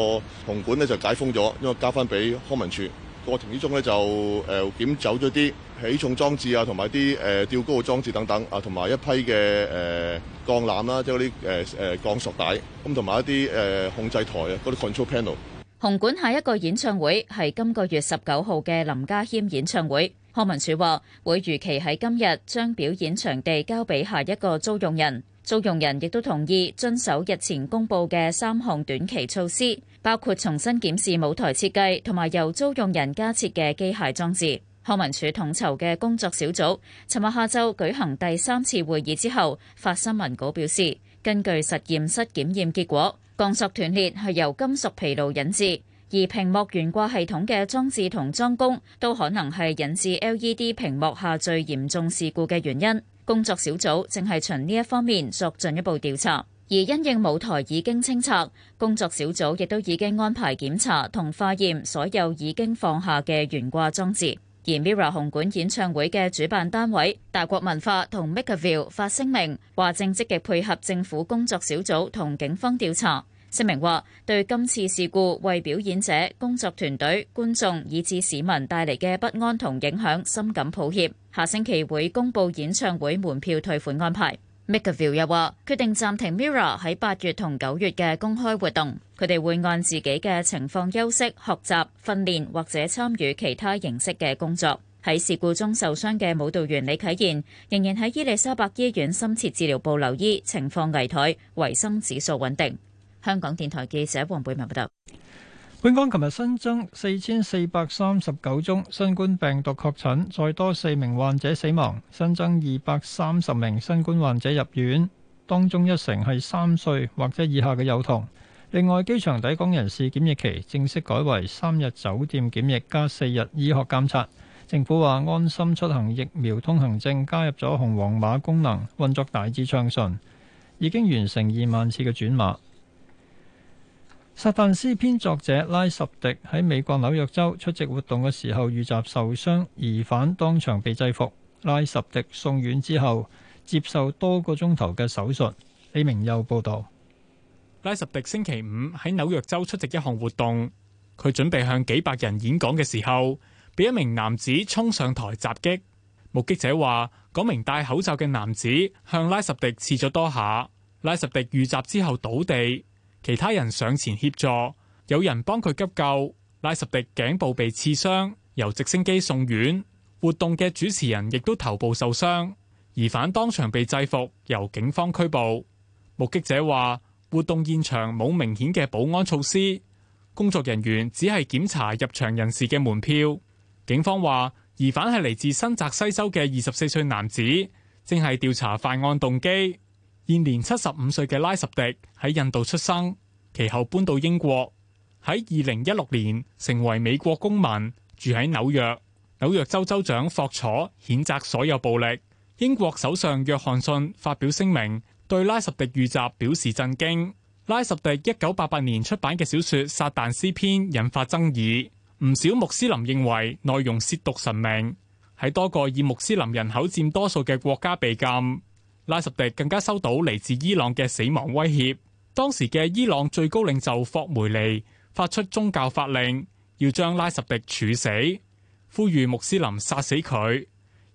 紅館咧就解封咗，因為交翻俾康文署。過程之中咧就誒、呃、檢走咗啲起重裝置啊，同埋啲誒吊高嘅裝置等等啊，同埋一批嘅誒鋼纜啦，即嗰啲誒誒鋼索帶，咁同埋一啲誒、呃、控制台啊，嗰啲 control panel。紅館下一個演唱會係今個月十九號嘅林家謙演唱會。康文署話會如期喺今日將表演場地交俾下一個租用人。租用人亦都同意遵守日前公布嘅三項短期措施，包括重新檢視舞台設計同埋由租用人加設嘅機械裝置。康文署統籌嘅工作小組尋日下晝舉行第三次會議之後，發新聞稿表示，根據實驗室檢驗結果，鋼索斷裂係由金屬疲勞引致，而屏幕懸掛系統嘅裝置同裝工都可能係引致 LED 屏幕下墜嚴重事故嘅原因。工作小組正係循呢一方面作進一步調查，而因應舞台已經清拆，工作小組亦都已經安排檢查同化驗所有已經放下嘅懸掛裝置。而 MIRROR 紅館演唱會嘅主辦單位大國文化同 MakerVille 發聲明話，正積極配合政府工作小組同警方調查。聲明話：對今次事故為表演者、工作團隊、觀眾以至市民帶嚟嘅不安同影響，深感抱歉。下星期會公布演唱會門票退款安排。MakerVille 又話：決定暫停 Mirror 喺八月同九月嘅公開活動。佢哋會按自己嘅情況休息、學習、訓練或者參與其他形式嘅工作。喺事故中受傷嘅舞蹈員李啟言仍然喺伊利沙伯醫院深切治療部留醫，情況危殆，維生指數穩定。香港電台記者王貝文報道。本港琴日新增四千四百三十九宗新冠病毒確診，再多四名患者死亡，新增二百三十名新冠患者入院，當中一成係三歲或者以下嘅幼童。另外，機場抵港人士檢疫期正式改為三日酒店檢疫加四日醫學監察。政府話安心出行疫苗通行證加入咗紅黃碼功能，運作大致暢順，已經完成二萬次嘅轉碼。《撒旦詩篇》作者拉什迪喺美國紐約州出席活動嘅時候遇襲受傷，疑犯當場被制服。拉什迪送院之後接受多個鐘頭嘅手術。李明又報道：拉什迪星期五喺紐約州出席一項活動，佢準備向幾百人演講嘅時候，被一名男子衝上台襲擊。目擊者話，嗰名戴口罩嘅男子向拉什迪刺咗多下，拉什迪遇襲之後倒地。其他人上前協助，有人幫佢急救。拉什迪頸部被刺傷，由直升機送院。活動嘅主持人亦都頭部受傷，疑犯當場被制服，由警方拘捕。目擊者話，活動現場冇明顯嘅保安措施，工作人員只係檢查入場人士嘅門票。警方話，疑犯係嚟自新澤西州嘅二十四歲男子，正係調查犯案動機。現年七十五歲嘅拉什迪喺印度出生，其後搬到英國，喺二零一六年成為美國公民，住喺紐約。紐約州州長霍楚譴責所有暴力。英國首相約翰遜發表聲明，對拉什迪遇襲表示震驚。拉什迪一九八八年出版嘅小說《撒旦詩篇》引發爭議，唔少穆斯林認為內容褻瀆神明，喺多個以穆斯林人口佔多數嘅國家被禁。拉什迪更加收到嚟自伊朗嘅死亡威脅。當時嘅伊朗最高領袖霍梅尼發出宗教法令，要將拉什迪處死，呼籲穆斯林殺死佢，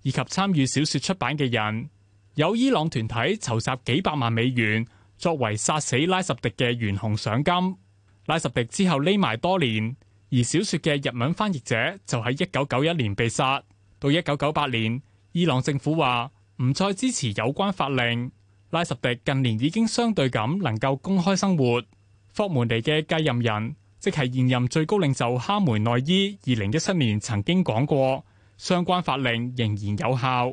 以及參與小說出版嘅人。有伊朗團體籌集幾百萬美元作為殺死拉什迪嘅懸紅賞金。拉什迪之後匿埋多年，而小說嘅日文翻譯者就喺一九九一年被殺。到一九九八年，伊朗政府話，唔再支持有關法令。拉什迪近年已經相對咁能夠公開生活。霍門尼嘅繼任人，即係現任最高領袖哈梅內伊，二零一七年曾經講過，相關法令仍然有效。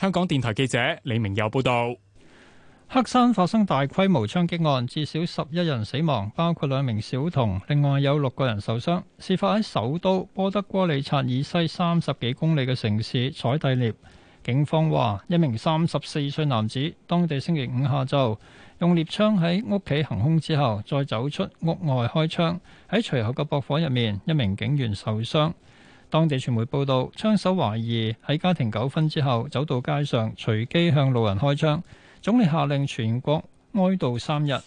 香港電台記者李明友報導。黑山發生大規模槍擊案，至少十一人死亡，包括兩名小童，另外有六個人受傷。事發喺首都波德戈里察以西三十幾公里嘅城市采蒂涅。警方話，一名三十四歲男子，當地星期五下晝用獵槍喺屋企行兇之後，再走出屋外開槍，喺隨後嘅駁火入面，一名警員受傷。當地傳媒報道，槍手懷疑喺家庭糾紛之後，走到街上隨機向路人開槍。總理下令全國哀悼三日。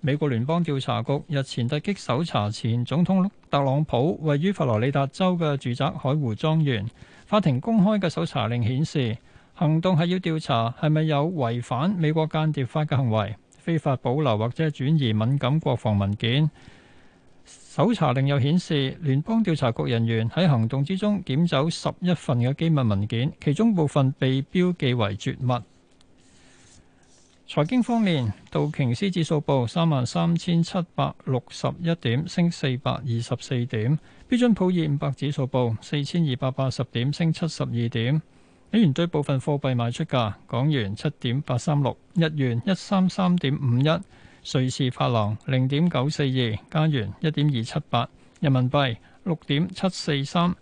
美國聯邦調查局日前突擊搜查前總統特朗普位於佛羅里達州嘅住宅海湖莊園。法庭公開嘅搜查令顯示，行動係要調查係咪有違反美國間諜法嘅行為，非法保留或者轉移敏感國防文件。搜查令又顯示，聯邦調查局人員喺行動之中檢走十一份嘅機密文件，其中部分被標記為絕密。財經方面，道瓊斯指數報三萬三千七百六十一點，升四百二十四點；標準普爾五百指數報四千二百八十點，升七十二點。美元對部分貨幣賣出價：港元七點八三六，日元一三三點五一，瑞士法郎零點九四二，加元一點二七八，人民幣六點七四三，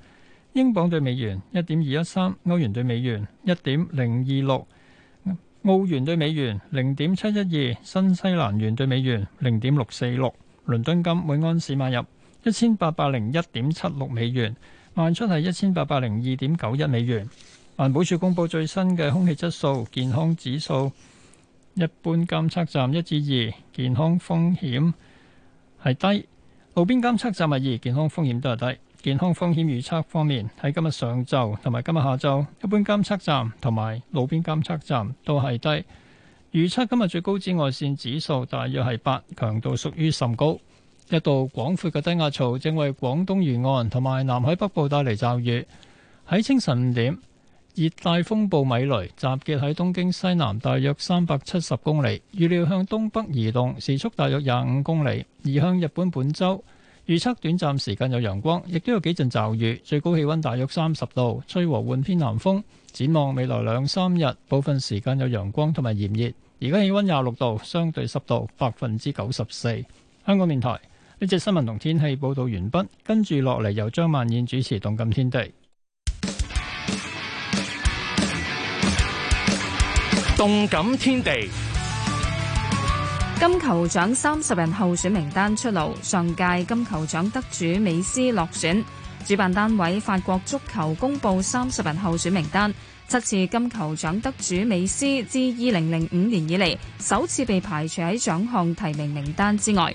英鎊對美元一點二一三，歐元對美元一點零二六。澳元對美元零點七一二，新西蘭元對美元零點六四六。倫敦金每安士買入一千八百零一點七六美元，賣出係一千八百零二點九一美元。環保署公布最新嘅空氣質素健康指數，一般監測站一至二，健康風險係低；路邊監測站係二，健康風險都係低。健康風險預測方面，喺今日上晝同埋今日下晝一般監測站同埋路邊監測站都係低。預測今日最高紫外線指數大約係八，強度屬於甚高。一道廣闊嘅低壓槽正為廣東沿岸同埋南海北部帶嚟驟雨。喺清晨五點熱帶風暴米雷集結喺東京西南大約三百七十公里，預料向東北移動時速大約廿五公里，移向日本本州。預測短暫時間有陽光，亦都有幾陣驟雨，最高氣溫大約三十度，吹和緩偏南風。展望未來兩三日，部分時間有陽光同埋炎熱。而家氣溫廿六度，相對濕度百分之九十四。香港電台呢節新聞同天氣報道完畢，跟住落嚟由張曼燕主持《動感天地》。《動感天地》金球獎三十人候選名單出爐，上屆金球獎得主美斯落選。主辦單位法國足球公布三十人候選名單，七次金球獎得主美斯自二零零五年以嚟，首次被排除喺獎項提名名單之外。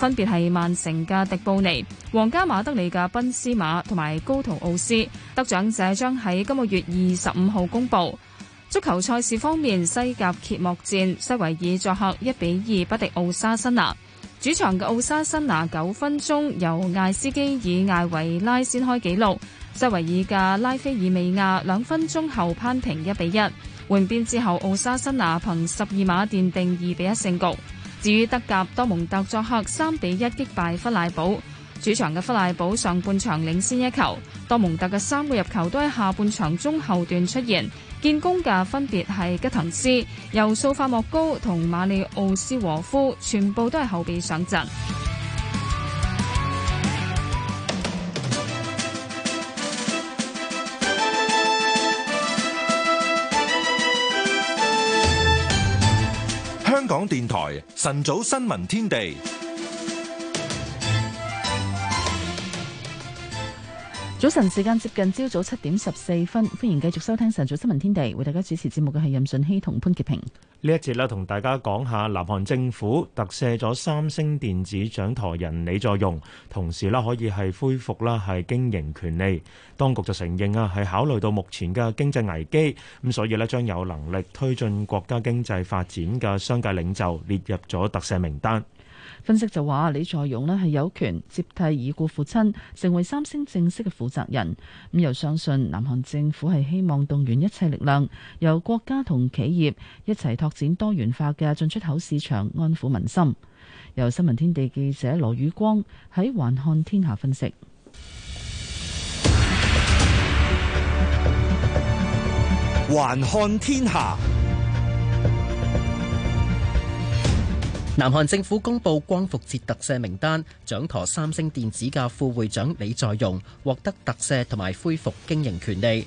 分別係曼城嘅迪布尼、皇家馬德里嘅賓斯馬同埋高圖奧斯。得獎者將喺今個月二十五號公佈。足球賽事方面，西甲揭幕戰，塞維爾作客一比二不敵奧沙辛拿。主場嘅奧沙辛拿九分鐘由艾斯基爾艾維拉先開紀錄，塞維爾嘅拉斐爾美亞兩分鐘後扳平一比一。換邊之後，奧沙辛拿憑十二碼奠定二比一勝局。至於德甲，多蒙特作客三比一擊敗弗賴堡。主場嘅弗賴堡上半場領先一球，多蒙特嘅三個入球都喺下半場中後段出現。建功嘅分別係吉滕斯、由數法莫高同馬里奧斯禾夫，全部都係後備上陣。港電台晨早新聞天地。早晨時間接近朝早七點十四分，歡迎繼續收聽晨早新聞天地，為大家主持節目嘅係任信希同潘潔平。呢一節呢，同大家講下南韓政府特赦咗三星電子掌舵人李在鎔，同時呢可以係恢復啦係經營權利。當局就承認啊，係考慮到目前嘅經濟危機，咁所以呢將有能力推進國家經濟發展嘅商界領袖列入咗特赦名單。分析就話李在鎔咧，係有權接替已故父親，成為三星正式嘅負責人。咁又相信南韓政府係希望動員一切力量，由國家同企業一齊拓展多元化嘅進出口市場，安撫民心。由新聞天地記者羅宇光喺《環看天下》分析，《環看天下》。南韓政府公布光復節特赦名單，掌舵三星電子嘅副會長李在鎔獲得特赦同埋恢復經營權利。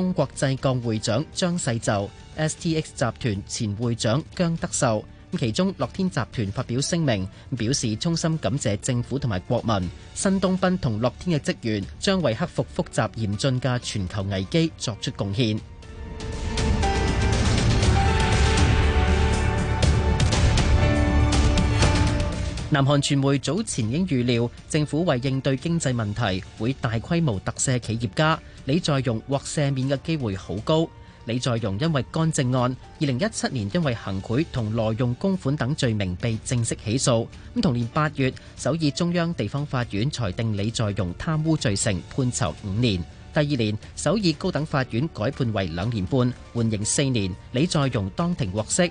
東國製鋼會長張世就、STX 集團前會長姜德秀，咁其中樂天集團發表聲明，表示衷心感謝政府同埋國民，辛東彬同樂天嘅職員將為克服複雜嚴峻嘅全球危機作出貢獻。南韓傳媒早前已經預料，政府為應對經濟問題會大規模特赦企業家，李在鎔獲赦免嘅機會好高。李在鎔因為干政案，二零一七年因為行賄同挪用公款等罪名被正式起訴。咁同年八月，首爾中央地方法院裁定李在鎔貪污罪成，判囚五年。第二年，首爾高等法院改判為兩年半，緩刑四年。李在鎔當庭獲釋。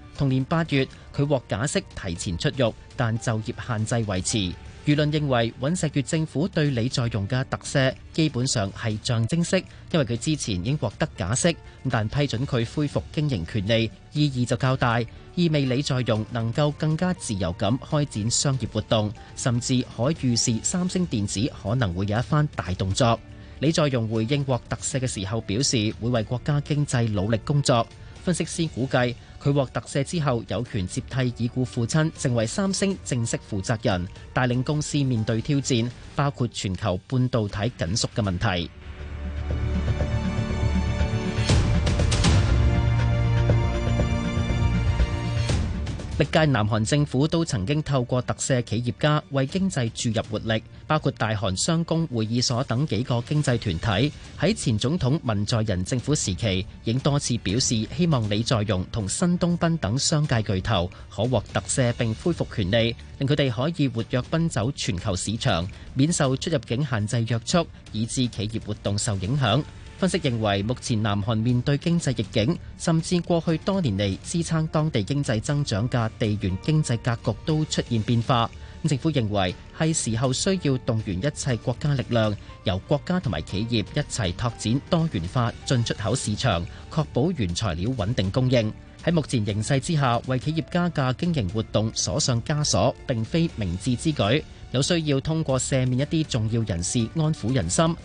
同年八月，佢獲假釋提前出獄，但就業限制維持。輿論認為，尹石月政府對李在容嘅特赦基本上係象徵式，因為佢之前已經獲得假釋，但批准佢恢復經營權利意義就較大，意味李在容能夠更加自由咁開展商業活動，甚至可預示三星電子可能會有一番大動作。李在容回應獲特赦嘅時候表示，會為國家經濟努力工作。分析師估計。佢獲特赦之後，有權接替已故父親，成為三星正式負責人，帶領公司面對挑戰，包括全球半導體緊縮嘅問題。歷屆南韓政府都曾經透過特赦企業家為經濟注入活力，包括大韓商工會議所等幾個經濟團體。喺前總統文在寅政府時期，已經多次表示希望李在鎔同申東斌等商界巨頭可獲特赦，並恢復權利，令佢哋可以活躍奔走全球市場，免受出入境限制約束，以致企業活動受影響。分析認為，目前南韓面對經濟逆境，甚至過去多年嚟支撐當地經濟增長嘅地緣經濟格局都出現變化。咁政府認為係時候需要動員一切國家力量，由國家同埋企業一齊拓展多元化進出口市場，確保原材料穩定供應。喺目前形勢之下，為企業家嘅經營活動鎖上枷鎖，並非明智之舉。有需要通過赦免一啲重要人士，安撫人心。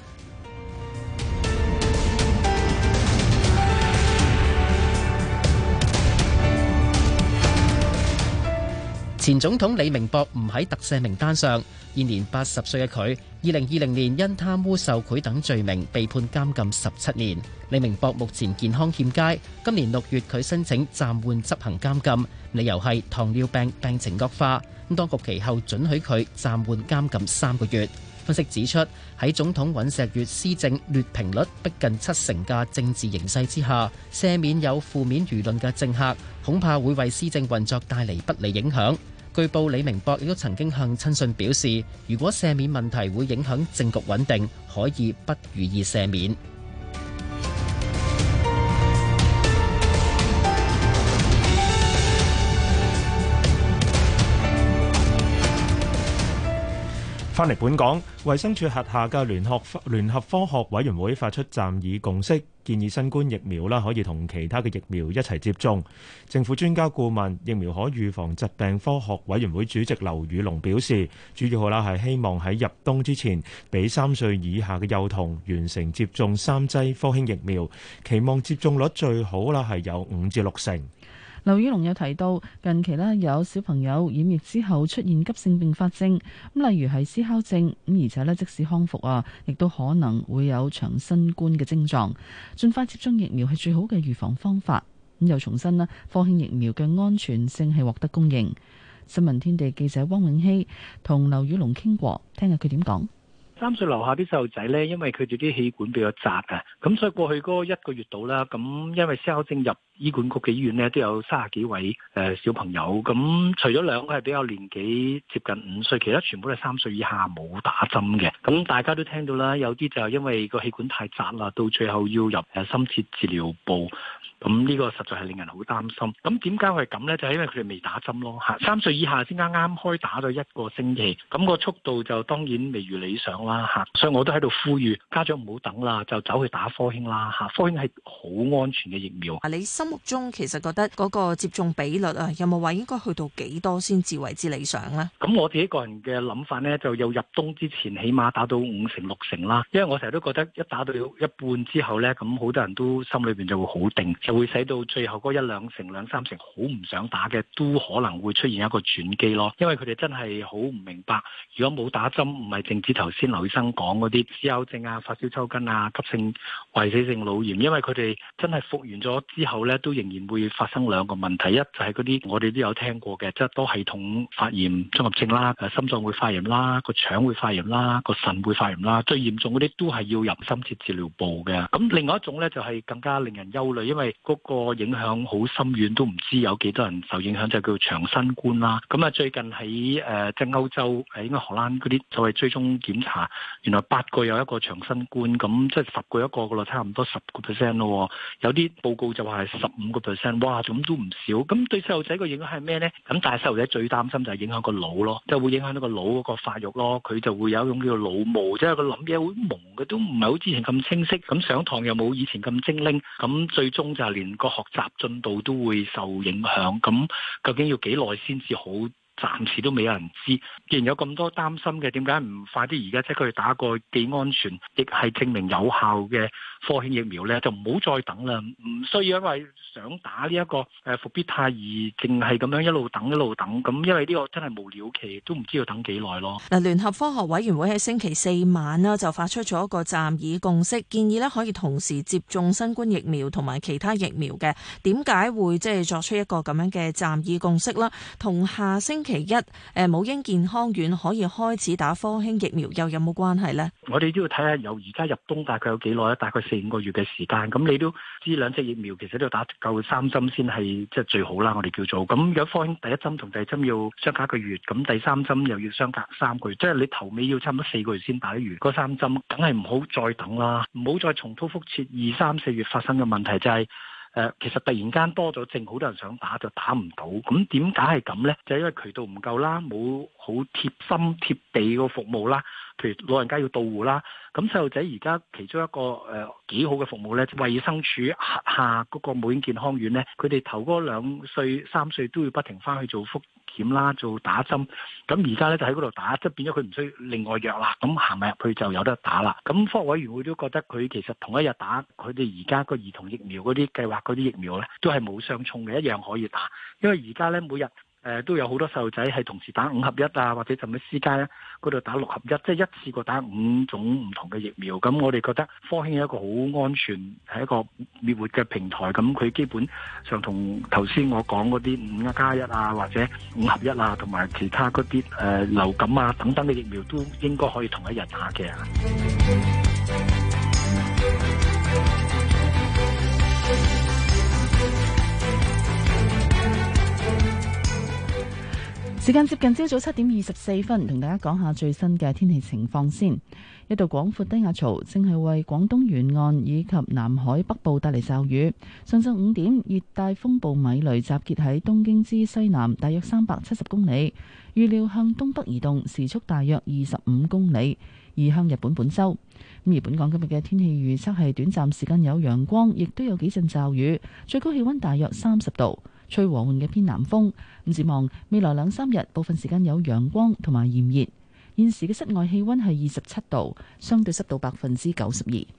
前總統李明博唔喺特赦名單上，現年八十歲嘅佢，二零二零年因貪污受賄等罪名被判監禁十七年。李明博目前健康欠佳，今年六月佢申請暫緩執行監禁，理由係糖尿病病情惡化。咁當局其後准許佢暫緩監禁三個月。分析指出，喺總統尹錫悅施政劣評率逼近七成嘅政治形勢之下，赦免有負面輿論嘅政客，恐怕會為施政運作帶嚟不利影響。據報，李明博亦都曾經向親信表示，如果赦免問題會影響政局穩定，可以不予以赦免。翻嚟本港，衛生署轄下嘅聯學聯合科學委員會發出暫議共識。建議新冠疫苗啦，可以同其他嘅疫苗一齊接種。政府專家顧問、疫苗可預防疾病科學委員會主席劉宇龍表示，主要啦係希望喺入冬之前，俾三歲以下嘅幼童完成接種三劑科興疫苗，期望接種率最好啦係有五至六成。劉宇龍又提到，近期咧有小朋友染疫之後出現急性併發症，咁例如係思考症，咁而且咧即使康復啊，亦都可能會有長新冠嘅症狀。儘快接種疫苗係最好嘅預防方法。咁又重申咧，科興疫苗嘅安全性係獲得公認。新聞天地記者汪永熙同劉宇龍傾過，聽日佢點講？三歲樓下啲細路仔呢，因為佢哋啲氣管比較窄啊，咁所以過去嗰一個月度啦，咁因為消症入醫管局嘅醫院呢，都有三十幾位誒，小朋友，咁除咗兩個係比較年紀接近五歲，其他全部都係三歲以下冇打針嘅，咁大家都聽到啦，有啲就係因為個氣管太窄啦，到最後要入誒，深切治療部。咁呢個實在係令人好擔心。咁點解會係咁呢？就係、是、因為佢哋未打針咯，嚇三歲以下先啱啱開打咗一個星期，咁、那個速度就當然未如理想啦，嚇。所以我都喺度呼籲家長唔好等啦，就走去打科興啦，嚇。科興係好安全嘅疫苗。你心目中其實覺得嗰個接種比率啊，有冇話應該去到幾多先至為之理想咧？咁我自己個人嘅諗法呢，就由入冬之前起碼打到五成六成啦。因為我成日都覺得一打到一半之後呢，咁好多人都心裏邊就會好定。就會使到最後嗰一兩成、兩三成好唔想打嘅，都可能會出現一個轉機咯。因為佢哋真係好唔明白，如果冇打針，唔係淨止頭先劉醫生講嗰啲支氣管症啊、發燒抽筋啊、急性壞死性腦炎，因為佢哋真係復完咗之後咧，都仍然會發生兩個問題，一就係嗰啲我哋都有聽過嘅，即係多系統發炎綜合症啦，心臟會發炎啦，個腸會發炎啦，個腎會發炎啦，最嚴重嗰啲都係要入深切治療部嘅。咁另外一種咧，就係、是、更加令人憂慮，因為嗰個影響好深遠，都唔知有幾多人受影響，就係叫做長新冠啦。咁啊，最近喺誒即係歐洲，誒應該荷蘭嗰啲就係追蹤檢查，原來八個有一個長新冠，咁即係十個一個個咯，差唔多十個 percent 咯。有啲報告就話係十五個 percent，哇，咁都唔少。咁對細路仔嘅影響係咩咧？咁但係細路仔最擔心就係影響個腦咯，就會影響到個腦嗰個發育咯，佢就會有一種叫做腦霧，即係個諗嘢好朦嘅，都唔係好之前咁清晰。咁上堂又冇以前咁精靈，咁最終就是。連個學習進度都會受影響，咁究竟要幾耐先至好？暫時都未有人知，既然有咁多擔心嘅，點解唔快啲而家即係佢去打個既安全亦係證明有效嘅科興疫苗呢，就唔好再等啦，唔需要因為想打呢一個誒復必泰而淨係咁樣一路等一路等。咁因為呢個真係無了期，都唔知要等幾耐咯。嗱，聯合科學委員會喺星期四晚呢就發出咗一個暫議共識，建議呢可以同時接種新冠疫苗同埋其他疫苗嘅。點解會即係作出一個咁樣嘅暫議共識啦？同下星。其一，誒，母嬰健康院可以開始打科興疫苗，又有冇關係呢？我哋都要睇下，由而家入冬大概有幾耐咧？大概四五個月嘅時間。咁你都知，兩隻疫苗其實都要打夠三針先係即係最好啦。我哋叫做咁，如果科興第一針同第二針要相隔一個月，咁第三針又要相隔三個月，即係你頭尾要差唔多四個月先打完嗰三針，梗係唔好再等啦，唔好再重蹈覆轍。二三四月發生嘅問題就係、是。誒、呃，其實突然間多咗證，好多人想打就打唔到，咁點解係咁咧？就係因為渠道唔夠啦，冇好貼心貼地個服務啦。譬如老人家要到戶啦，咁細路仔而家其中一個誒幾、呃、好嘅服務咧，就是，衞生署轄下嗰個母嬰健康院咧，佢哋頭嗰兩歲、三歲都要不停翻去做覆檢啦，做打針，咁而家咧就喺嗰度打，即係變咗佢唔需要另外約啦，咁行埋入去就有得打啦。咁科學委員會都覺得佢其實同一日打，佢哋而家個兒童疫苗嗰啲計劃嗰啲疫苗咧，都係冇相衝嘅，一樣可以打，因為而家咧每日。誒都有好多細路仔係同時打五合一啊，或者甚至私家咧嗰度打六合一，即係一次過打五種唔同嘅疫苗。咁我哋覺得科興係一個好安全，係一個滅活嘅平台。咁佢基本上同頭先我講嗰啲五加一啊，或者五合一啊，同埋其他嗰啲誒流感啊等等嘅疫苗，都應該可以同一日打嘅。時間接近朝早七點二十四分，同大家講下最新嘅天氣情況先。一道廣闊低壓槽正係為廣東沿岸以及南海北部帶嚟驟雨。上晝五點，熱帶風暴米雷集結喺東京之西南，大約三百七十公里，預料向東北移動，時速大約二十五公里，移向日本本州。而本港今日嘅天氣預測係短暫時間有陽光，亦都有幾陣驟雨，最高氣温大約三十度。吹和緩嘅偏南風，咁展望未來兩三日，部分時間有陽光同埋炎熱。現時嘅室外氣温係二十七度，相對濕度百分之九十二。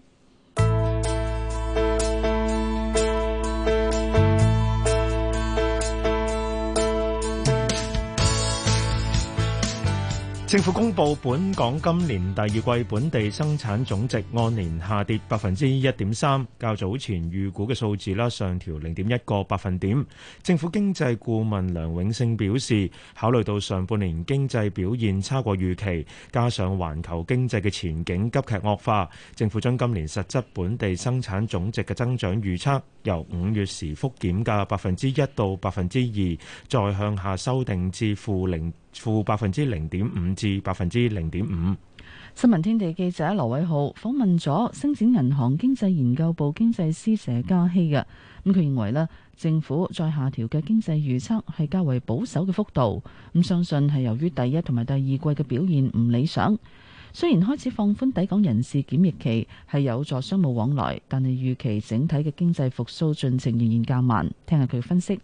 政府公布本港今年第二季本地生產總值按年下跌百分之一點三，較早前預估嘅數字啦上調零點一個百分點。政府經濟顧問梁永勝表示，考慮到上半年經濟表現差過預期，加上環球經濟嘅前景急劇惡化，政府將今年實質本地生產總值嘅增長預測由五月時復檢嘅百分之一到百分之二，再向下修訂至負零。負百分之零點五至百分之零點五。新聞天地記者羅偉浩訪問咗星展銀行經濟研究部經濟師謝嘉希嘅，咁、嗯、佢認為咧，政府再下調嘅經濟預測係較為保守嘅幅度，咁、嗯、相信係由於第一同埋第二季嘅表現唔理想。雖然開始放寬抵港人士檢疫期係有助商務往來，但係預期整體嘅經濟復蘇進程仍然較慢。聽下佢分析。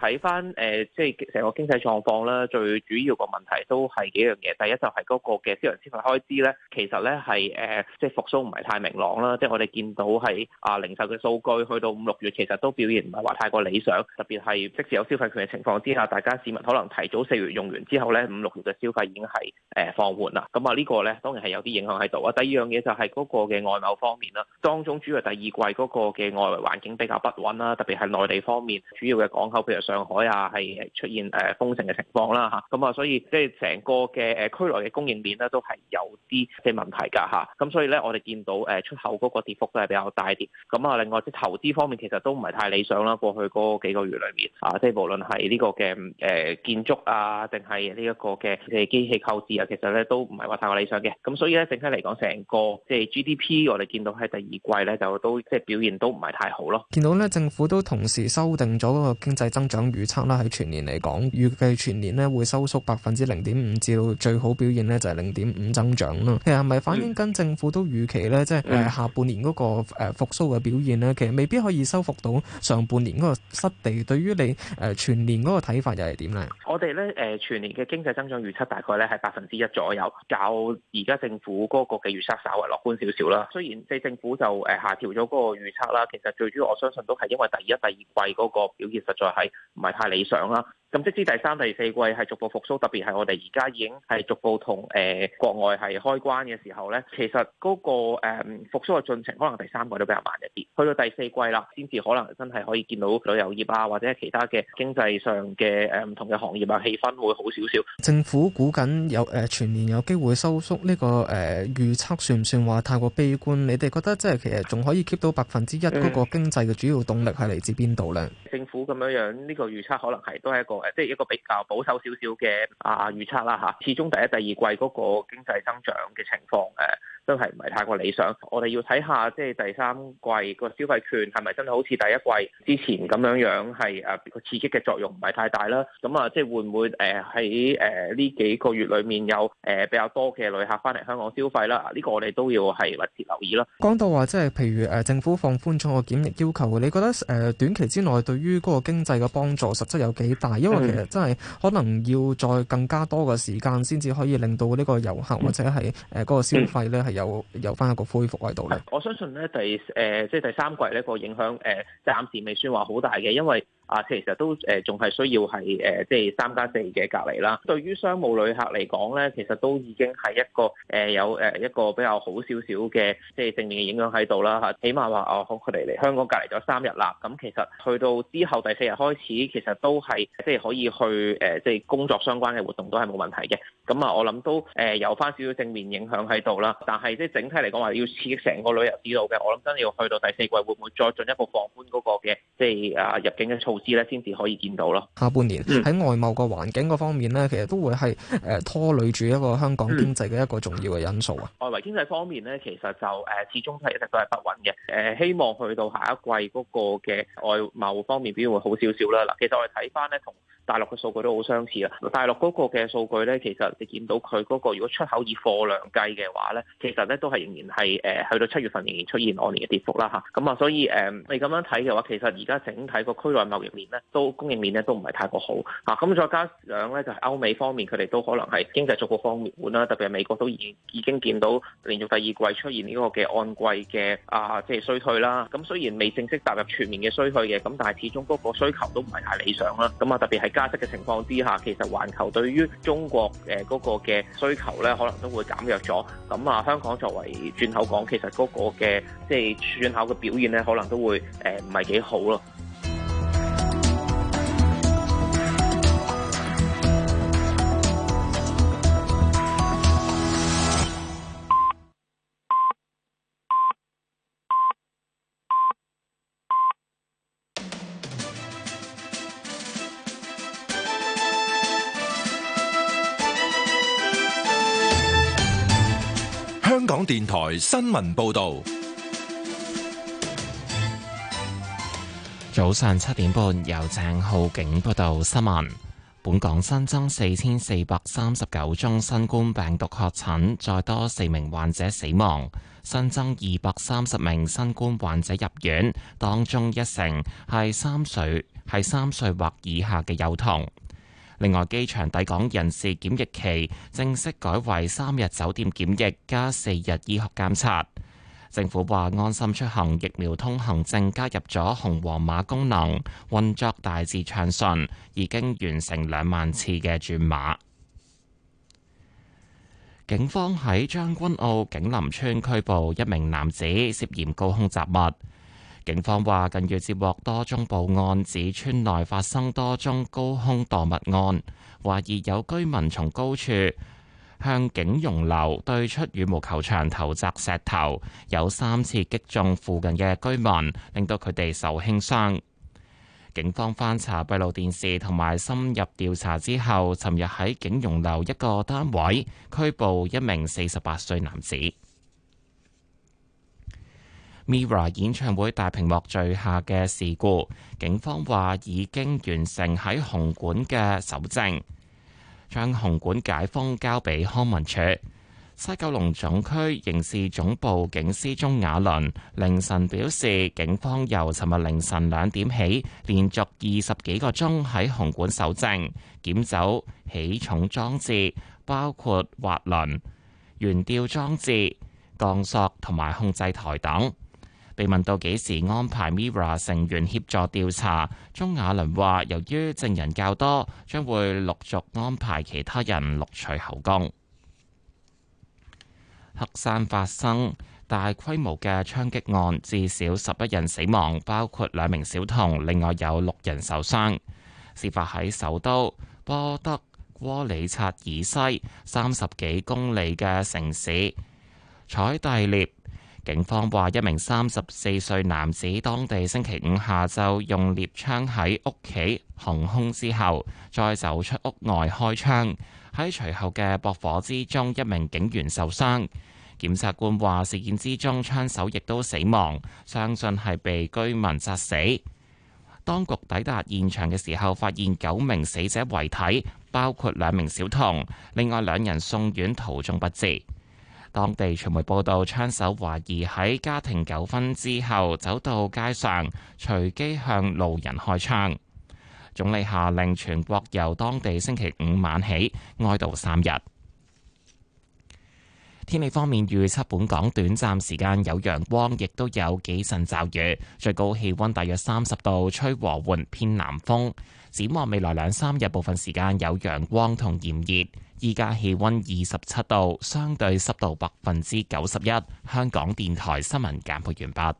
睇翻誒，即係成個經濟狀況啦，最主要個問題都係幾樣嘢。第一就係嗰個嘅私人消費開支咧，其實咧係誒，即係復甦唔係太明朗啦。即係我哋見到係啊，零售嘅數據去到五六月，其實都表現唔係話太過理想。特別係即使有消費券嘅情況之下，大家市民可能提早四月用完之後咧，五六月嘅消費已經係誒放緩啦。咁啊，呢個咧當然係有啲影響喺度啊。第二樣嘢就係嗰個嘅外貿方面啦，當中主要第二季嗰個嘅外圍環境比較不穩啦，特別係內地方面主要嘅港口譬如。上海啊，係出現誒封城嘅情況啦，嚇咁啊，所以即係成個嘅誒區內嘅供應鏈咧，都係有啲嘅問題㗎，嚇咁所以咧，我哋見到誒出口嗰個跌幅都係比較大啲，咁啊，另外即係投資方面其實都唔係太理想啦。過去嗰幾個月裏面啊，即係無論係呢個嘅誒建築啊，定係呢一個嘅誒機器購置啊，其實咧都唔係話太過理想嘅。咁所以咧整體嚟講，成個即係 GDP，我哋見到喺第二季咧就都即係表現都唔係太好咯。見到咧，政府都同時修訂咗嗰個經濟增長。等預測啦，喺全年嚟講，預計全年咧會收縮百分之零點五，至到最好表現咧就係零點五增長啦。其實係咪反映跟政府都預期咧，嗯、即係誒下半年嗰個誒復甦嘅表現咧，其實未必可以收復到上半年嗰個失地。對於你誒全年嗰個睇法又係點咧？我哋咧誒全年嘅經濟增長預測大概咧係百分之一左右，較而家政府嗰個嘅預測稍為樂觀少少啦。雖然即係政府就誒下調咗嗰個預測啦，其實最主要我相信都係因為第一、第二季嗰個表現實在係。唔係太理想啦。咁即係知第三、第四季係逐步復甦，特別係我哋而家已經係逐步同誒、呃、國外係開關嘅時候咧，其實嗰、那個誒、呃、復甦嘅進程可能第三季都比較慢一啲，去到第四季啦，先至可能真係可以見到旅遊業啊，或者其他嘅經濟上嘅誒唔同嘅行業啊，氣氛會好少少。政府估緊有誒、呃、全年有機會收縮呢、這個誒、呃、預測算唔算話太過悲觀？你哋覺得即係其實仲可以 keep 到百分之一嗰個經濟嘅主要動力係嚟自邊度咧？政府咁樣樣呢、這個預測可能係都係一個。誒，即係一個比較保守少少嘅啊預測啦吓，始終第一、第二季嗰個經濟增長嘅情況。誒。真係唔係太過理想，我哋要睇下即係第三季個消費券係咪真係好似第一季之前咁樣樣係誒個刺激嘅作用唔係太大啦。咁啊，即係會唔會誒喺誒呢幾個月裡面有誒比較多嘅旅客翻嚟香港消費啦？呢、這個我哋都要係密切留意啦。講到話即係譬如誒政府放寬咗個檢疫要求，你覺得誒短期之內對於嗰個經濟嘅幫助實質有幾大？因為其實真係可能要再更加多嘅時間先至可以令到呢個遊客或者係誒嗰個消費咧係、嗯。嗯嗯有有翻一個恢復喺度咧，我相信咧第誒、呃、即係第三季咧個影響誒暫時未算話好大嘅，因為。啊，其實都誒仲係需要係誒即係三加四嘅隔離啦。對於商務旅客嚟講咧，其實都已經係一個誒有誒一個比較好少少嘅即係正面嘅影響喺度啦嚇。起碼話哦，好佢哋嚟香港隔離咗三日啦。咁其實去到之後第四日開始，其實都係即係可以去誒即係工作相關嘅活動都係冇問題嘅。咁啊，我諗都誒有翻少少正面影響喺度啦。但係即係整體嚟講，話要刺激成個旅遊指導嘅，我諗真係要去到第四季會唔會再進一步放寬嗰個嘅即係啊入境嘅措。先至可以見到咯。下半年喺、嗯、外貿個環境嗰方面咧，其實都會係誒拖累住一個香港經濟嘅一個重要嘅因素啊。嗯嗯、外圍經濟方面咧，其實就誒、呃、始終都係一直都係不穩嘅。誒、呃、希望去到下一季嗰個嘅外貿方面表現會好少少啦。嗱，其實我哋睇翻咧同。大陸嘅數據都好相似啊。大陸嗰個嘅數據咧，其實你見到佢嗰、那個如果出口以貨量計嘅話咧，其實咧都係仍然係誒，去到七月份仍然出現按年嘅跌幅啦，吓，咁啊，所以誒，你咁樣睇嘅話，其實而家整體個區內貿易面咧，面都供應面咧都唔係太過好嚇。咁再加上咧，就係、是、歐美方面，佢哋都可能係經濟逐個方面緩啦，特別係美國都已已經見到連續第二季出現呢個嘅按季嘅啊，即係衰退啦。咁雖然未正式踏入全面嘅衰退嘅，咁但係始終嗰個需求都唔係太理想啦。咁啊，特別係。加息嘅情況之下，其實環球對於中國誒嗰個嘅需求咧，可能都會減弱咗。咁啊，香港作為轉口港，其實嗰個嘅即係轉口嘅表現咧，可能都會誒唔係幾好咯。港電台新聞報道，早上七點半由鄭浩景報道新聞。本港新增四千四百三十九宗新冠病毒確診，再多四名患者死亡，新增二百三十名新冠患者入院，當中一成係三歲係三歲或以下嘅幼童。另外，機場抵港人士檢疫期正式改為三日酒店檢疫加四日醫學監察。政府話安心出行疫苗通行證加入咗紅黃碼功能，運作大致暢順，已經完成兩萬次嘅轉碼。警方喺將軍澳景林邨拘捕一名男子，涉嫌高空雜物。警方話：近月接獲多宗報案，指村內發生多宗高空墮物案，懷疑有居民從高處向景容樓對出羽毛球場投擲石頭，有三次擊中附近嘅居民，令到佢哋受輕傷。警方翻查閉路電視同埋深入調查之後，尋日喺景容樓一個單位拘捕一名四十八歲男子。Mira 演唱會大屏幕墜下嘅事故，警方話已經完成喺紅館嘅搜證，將紅館解封交俾康文署。西九龍總區刑事總部警司鐘雅倫，凌晨表示，警方由尋日凌晨兩點起連續二十幾個鐘喺紅館搜證，檢走起重裝置，包括滑輪、懸吊裝置、鋼索同埋控制台等。被問到幾時安排 Mira 成員協助調查，鍾雅倫話：由於證人較多，將會陸續安排其他人錄取口供。黑山發生大規模嘅槍擊案，至少十一人死亡，包括兩名小童，另外有六人受傷。事發喺首都波德戈里察以西三十幾公里嘅城市采蒂列。警方話，一名三十四歲男子當地星期五下晝用獵槍喺屋企行兇之後，再走出屋外開槍。喺隨後嘅駁火之中，一名警員受傷。檢察官話，事件之中槍手亦都死亡，相信係被居民殺死。當局抵達現場嘅時候，發現九名死者遺體，包括兩名小童，另外兩人送院途中不治。當地傳媒報道，槍手懷疑喺家庭糾紛之後走到街上，隨機向路人開槍。總理下令全國由當地星期五晚起哀悼三日。天氣方面預測，本港短暫時間有陽光，亦都有幾陣驟雨，最高氣溫大約三十度，吹和緩偏南風。展望未來兩三日，部分時間有陽光同炎熱。依家氣溫二十七度，相對濕度百分之九十一。香港電台新聞簡報完畢。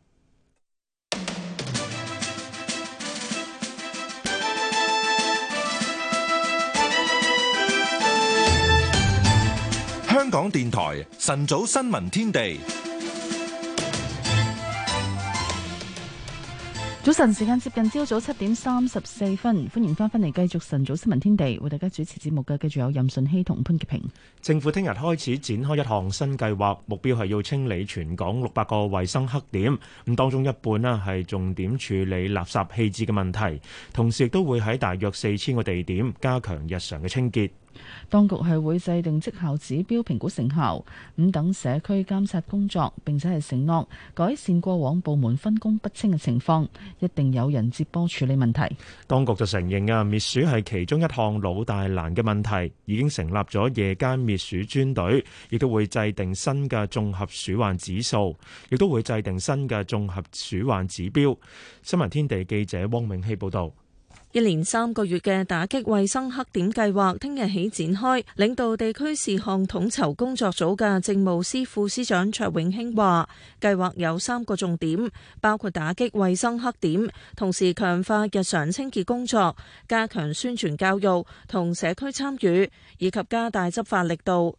香港電台晨早新聞天地。早晨時間接近朝早七點三十四分，歡迎翻返嚟，繼續晨早新聞天地，為大家主持節目嘅，繼續有任順希同潘潔平。政府聽日開始展開一項新計劃，目標係要清理全港六百個衛生黑點，咁當中一半咧係重點處理垃圾棄置嘅問題，同時亦都會喺大約四千個地點加強日常嘅清潔。當局係會制定績效指標評估成效，五等社區監察工作，並且係承諾改善過往部門分工不清嘅情況，一定有人接波處理問題。當局就承認啊，滅鼠係其中一項老大難嘅問題，已經成立咗夜間滅鼠專隊，亦都會制定新嘅綜合鼠患指數，亦都會制定新嘅綜合鼠患指標。新聞天地記者汪永熙報道。一連三個月嘅打擊衛生黑點計劃，聽日起展開。領導地區事項統籌工作組嘅政務司副司長卓永興話，計劃有三個重點，包括打擊衛生黑點，同時強化日常清潔工作，加強宣傳教育，同社區參與，以及加大執法力度。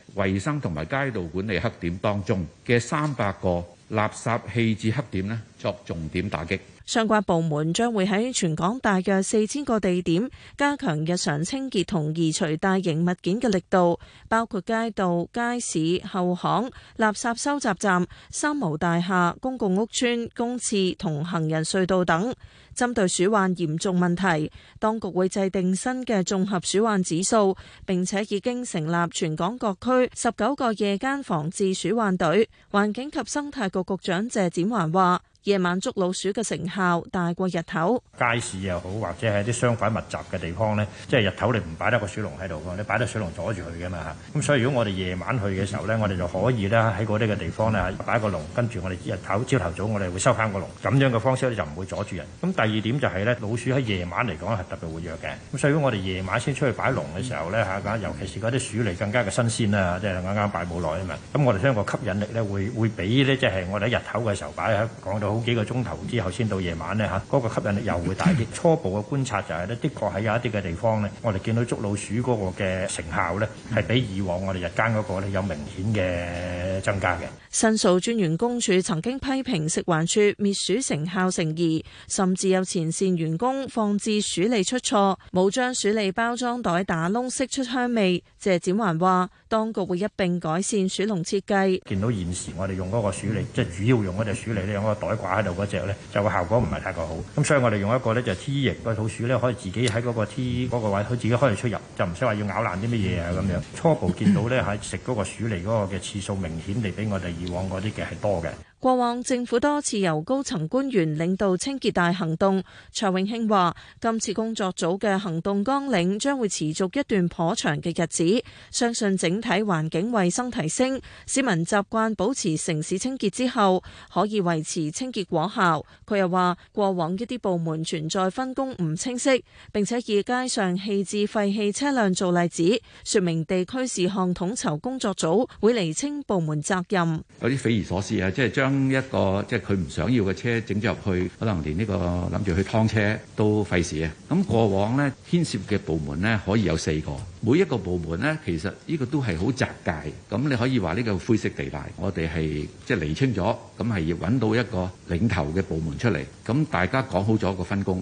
衛生同埋街道管理黑點當中嘅三百個垃圾棄置黑點咧，作重點打擊。相關部門將會喺全港大約四千個地點加強日常清潔同移除大型物件嘅力度，包括街道、街市、後巷、垃圾收集站、三無大廈、公共屋邨、公廁同行人隧道等。針對鼠患嚴重問題，當局會制定新嘅綜合鼠患指數，並且已經成立全港各區十九個夜間防治鼠患隊。環境及生態局局長謝展環話。夜晚捉老鼠嘅成效大過日頭，街市又好，或者喺啲商販密集嘅地方咧，即係日頭你唔擺得個鼠籠喺度嘅，你擺得鼠籠阻住佢噶嘛吓。咁、嗯、所以如果我哋夜晚去嘅時候咧，我哋就可以咧喺嗰啲嘅地方咧，擺一個籠，跟住我哋日頭朝頭早我哋會收翻個籠，咁樣嘅方式咧就唔會阻住人。咁第二點就係、是、咧，老鼠喺夜晚嚟講係特別活躍嘅。咁所以如果我哋夜晚先出去擺籠嘅時候咧吓，尤其是嗰啲鼠嚟更加嘅新鮮啦，即係啱啱擺冇耐啊嘛。咁、嗯嗯、我哋香港吸引力咧會會比咧即係我哋喺日頭嘅時候擺喺講到。好幾個鐘頭之後先到夜晚呢，嚇，嗰個吸引力又會大啲。初步嘅觀察就係、是、呢，的確喺有一啲嘅地方呢，我哋見到捉老鼠嗰個嘅成效呢，係比以往我哋日間嗰個呢有明顯嘅增加嘅。申訴專員公署曾經批評食環署滅鼠成效成疑，甚至有前線員工放置鼠餌出錯，冇將鼠餌包裝袋打窿釋出香味。謝展環話：當局會一併改善鼠籠設計。見到現時我哋用嗰個鼠嚟，即係主要用嗰隻鼠嚟咧，有個袋掛喺度嗰隻咧，就個效果唔係太過好。咁所以我哋用一個咧就係 T 型嘅老鼠咧，可以自己喺嗰個 T 嗰個位，佢自己可以出入，就唔使話要咬爛啲乜嘢啊咁樣。初步見到咧喺食嗰個鼠嚟嗰個嘅次數，明顯地比我哋以往嗰啲嘅係多嘅。過往政府多次由高層官員領導清潔大行動，卓永興話：今次工作組嘅行動綱領將會持續一段頗長嘅日子，相信整體環境衛生提升，市民習慣保持城市清潔之後，可以維持清潔果效。佢又話：過往一啲部門存在分工唔清晰，並且以街上棄置廢棄車輛做例子，說明地區事項統籌工作組會釐清部門責任。有啲匪夷所思啊，即係將將一個即係佢唔想要嘅車整咗入去，可能連呢個諗住去劏車都費事啊！咁過往咧牽涉嘅部門咧可以有四個，每一個部門咧其實呢個都係好窄界，咁你可以話呢個灰色地帶，我哋係即係厘清咗，咁係要揾到一個領頭嘅部門出嚟，咁大家講好咗個分工。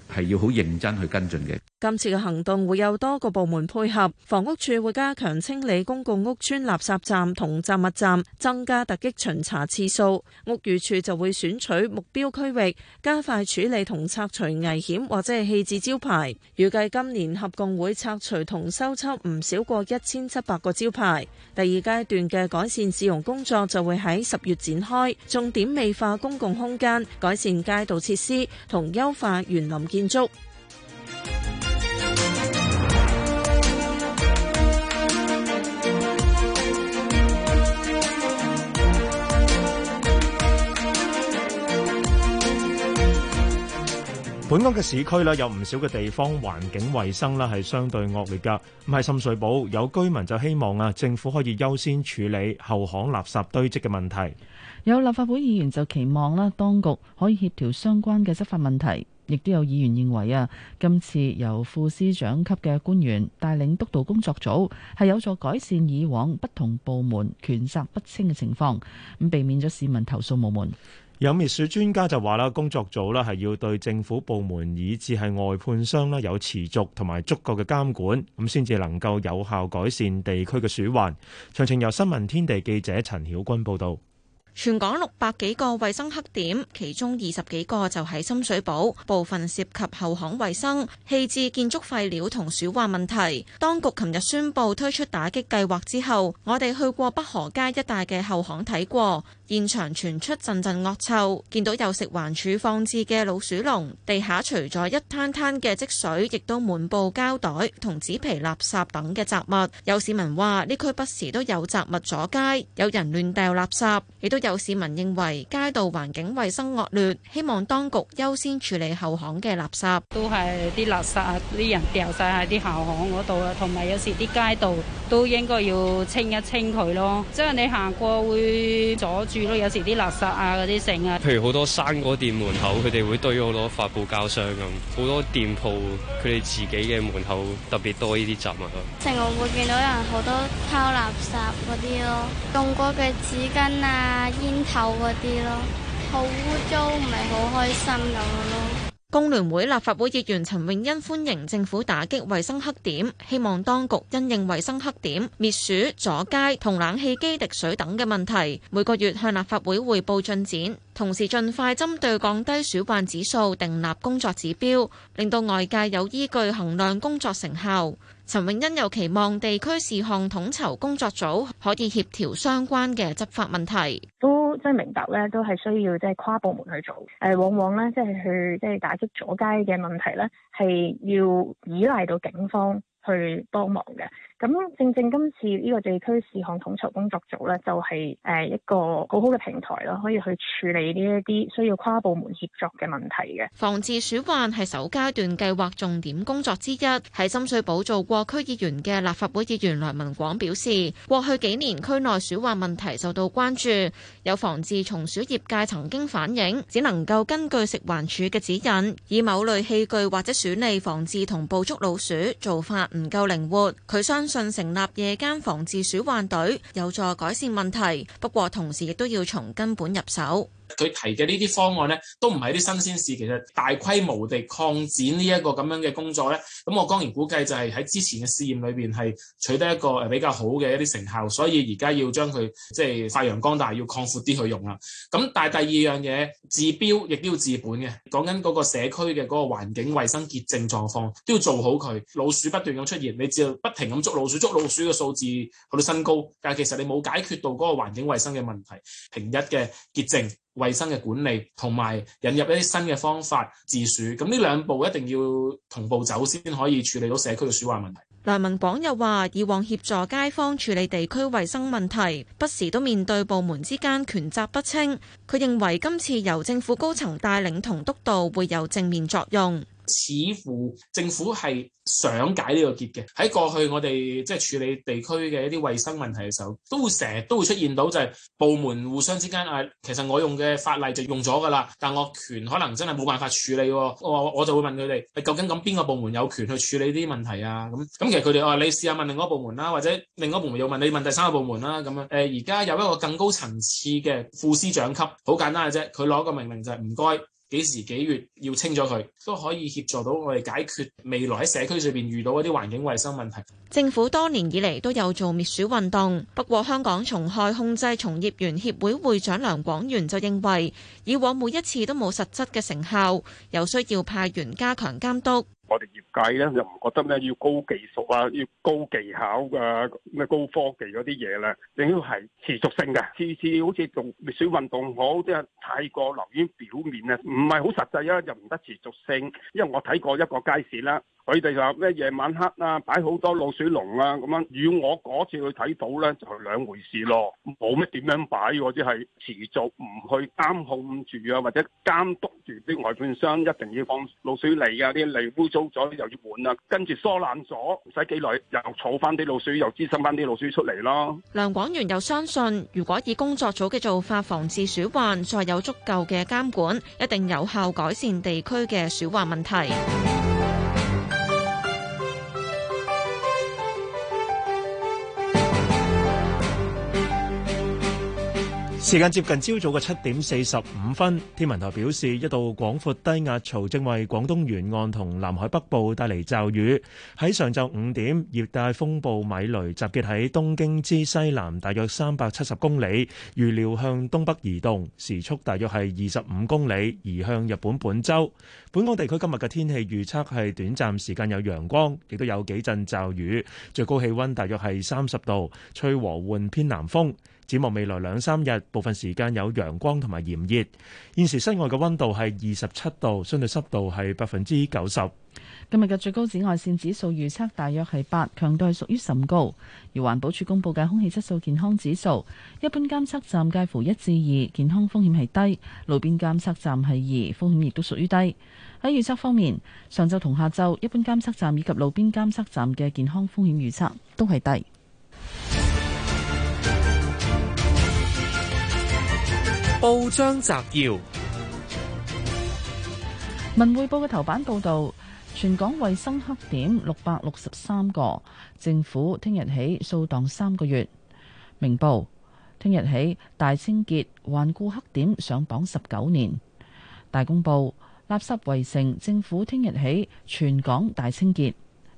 係要好認真去跟進嘅。今次嘅行動會有多個部門配合，房屋署會加強清理公共屋邨垃圾站同雜物站，增加突擊巡查次數，屋宇署就會選取目標區域，加快處理同拆除危險或者係棄置招牌。預計今年合共會拆除同修葺唔少過一千七百個招牌。第二階段嘅改善市容工作就會喺十月展開，重點美化公共空間，改善街道設施同優化園林建。建築本港嘅市區咧，有唔少嘅地方環境衛生咧係相對惡劣㗎。唔係深水埗，有居民就希望啊，政府可以優先處理後巷垃圾堆積嘅問題。有立法會議員就期望咧，當局可以協調相關嘅執法問題。亦都有議員認為啊，今次由副司長級嘅官員帶領督導工作組，係有助改善以往不同部門權責不清嘅情況，咁避免咗市民投訴無門。有滅鼠專家就話啦，工作組啦係要對政府部門以至係外判商啦有持續同埋足夠嘅監管，咁先至能夠有效改善地區嘅鼠患。詳情由新聞天地記者陳曉君報道。全港六百幾個衛生黑點，其中二十幾個就喺深水埗，部分涉及後巷衛生、棄置建築廢料同鼠患問題。當局琴日宣布推出打擊計劃之後，我哋去過北河街一帶嘅後巷睇過。現場傳出陣陣惡臭，見到有食環署放置嘅老鼠籠，地下除咗一灘灘嘅積水，亦都滿布膠袋同紙皮垃圾等嘅雜物。有市民話：呢區不時都有雜物阻街，有人亂掉垃圾，亦都有市民認為街道環境衞生惡劣，希望當局優先處理後巷嘅垃圾。都係啲垃圾，啲人掉晒喺啲後巷嗰度啊，同埋有時啲街道都應該要清一清佢咯。即係你行過會阻住。咯，有時啲垃圾啊，嗰啲剩啊，譬如好多生果店門口，佢哋會堆好多發泡膠箱咁，好多店鋪佢哋自己嘅門口特別多呢啲雜物咯。成日會見到有人好多拋垃圾嗰啲咯，用過嘅紙巾啊、煙頭嗰啲咯，好污糟，唔係好開心咁樣咯。工聯會立法會議員陳永欣歡迎政府打擊衞生黑點，希望當局因應衞生黑點滅鼠、阻街同冷氣機滴水等嘅問題，每個月向立法會匯報進展，同時盡快針對降低鼠患指數訂立工作指標，令到外界有依據衡量工作成效。陳永欣又期望地區事項統籌工作組可以協調相關嘅執法問題，都即係明白咧，都係需要即係跨部門去做。誒，往往咧即係去即係、就是、打擊阻街嘅問題咧，係要依賴到警方去幫忙嘅。咁正正今次呢個地區事項統籌工作組呢，就係誒一個好好嘅平台咯，可以去處理呢一啲需要跨部門協作嘅問題嘅。防治鼠患係首階段計劃重點工作之一。喺深水埗做過區議員嘅立法會議員梁文廣表示，過去幾年區內鼠患問題受到關注，有防治蟲鼠業界曾經反映，只能夠根據食環署嘅指引，以某類器具或者鼠嚟防治同捕捉老鼠，做法唔夠靈活。佢相信。信成立夜間防治鼠患隊，有助改善問題，不過同時亦都要從根本入手。佢提嘅呢啲方案呢，都唔係啲新鮮事。其實大規模地擴展呢一個咁樣嘅工作呢，咁我當然估計就係喺之前嘅試驗裏邊係取得一個比較好嘅一啲成效，所以而家要將佢即係發揚光大，要擴闊啲去用啦。咁但係第二樣嘢，治標亦都要治本嘅，講緊嗰個社區嘅嗰個環境衛生潔淨狀況都要做好佢。老鼠不斷咁出現，你只要不停咁捉老鼠，捉老鼠嘅數字去到新高，但係其實你冇解決到嗰個環境衛生嘅問題，平日嘅潔淨。衛生嘅管理同埋引入一啲新嘅方法治鼠，咁呢兩步一定要同步走先可以處理到社區嘅鼠患問題。梁文廣又話，以往協助街坊處理地區衛生問題，不時都面對部門之間權責不清，佢認為今次由政府高層帶領同督導會有正面作用。似乎政府係想解呢個結嘅。喺過去我哋即係處理地區嘅一啲衞生問題嘅時候，都會成日都會出現到就係部門互相之間啊，其實我用嘅法例就用咗㗎啦，但我權可能真係冇辦法處理喎。我我就會問佢哋，你究竟咁邊個部門有權去處理啲問題啊？咁咁其實佢哋話你試下問另一個部門啦，或者另一個部門又問你問第三個部門啦咁樣。誒而家有一個更高層次嘅副司長級，好簡單嘅啫，佢攞個命令就係唔該。謝謝幾時幾月要清咗佢，都可以協助到我哋解決未來喺社區裏邊遇到嗰啲環境衞生問題。政府多年以嚟都有做滅鼠運動，不過香港蟲害控制從業員協會會長梁廣源就認為，以往每一次都冇實質嘅成效，有需要派員加強監督。我哋業界咧就唔覺得咧要高技術啊，要高技巧啊，咩高科技嗰啲嘢咧，應該係持續性嘅，次次好似做滅水運動好，即係太過流於表面咧，唔係好實際啊，又唔得持續性，因為我睇過一個街市啦。佢哋就咩夜晚黑啊，擺好多老鼠籠啊，咁樣。如果我嗰次去睇到咧，就係兩回事咯，冇咩點樣擺，或者係持續唔去監控住啊，或者監督住啲外判商一定要放老鼠嚟啊，啲泥污糟咗又要換啊，跟住疏爛咗，唔使幾耐又儲翻啲老鼠，又滋生翻啲老鼠出嚟咯。梁廣源又相信，如果以工作組嘅做法防治鼠患，再有足夠嘅監管，一定有效改善地區嘅鼠患問題。時間接近朝早嘅七點四十五分，天文台表示，一道廣闊低壓槽正為廣東沿岸同南海北部帶嚟驟雨。喺上晝五點，熱帶風暴米雷集結喺東京之西南，大約三百七十公里，預料向東北移動，時速大約係二十五公里，移向日本本州。本港地區今日嘅天氣預測係短暫時間有陽光，亦都有幾陣驟雨，最高氣溫大約係三十度，吹和緩偏南風。展望未來兩三日，部分時間有陽光同埋炎熱。現時室外嘅温度係二十七度，相對濕度係百分之九十。今日嘅最高紫外線指數預測大約係八，強度係屬於甚高。而環保署公布嘅空氣質素健康指數，一般監測站介乎一至二，健康風險係低；路邊監測站係二，風險亦都屬於低。喺預測方面，上晝同下晝，一般監測站以及路邊監測站嘅健康風險預測都係低。報章摘要：《文匯報》嘅頭版報道，全港衛生黑點六百六十三個，政府聽日起掃蕩三個月。《明報》聽日起大清潔，頑固黑點上榜十九年。《大公報》垃圾圍城，政府聽日起全港大清潔。《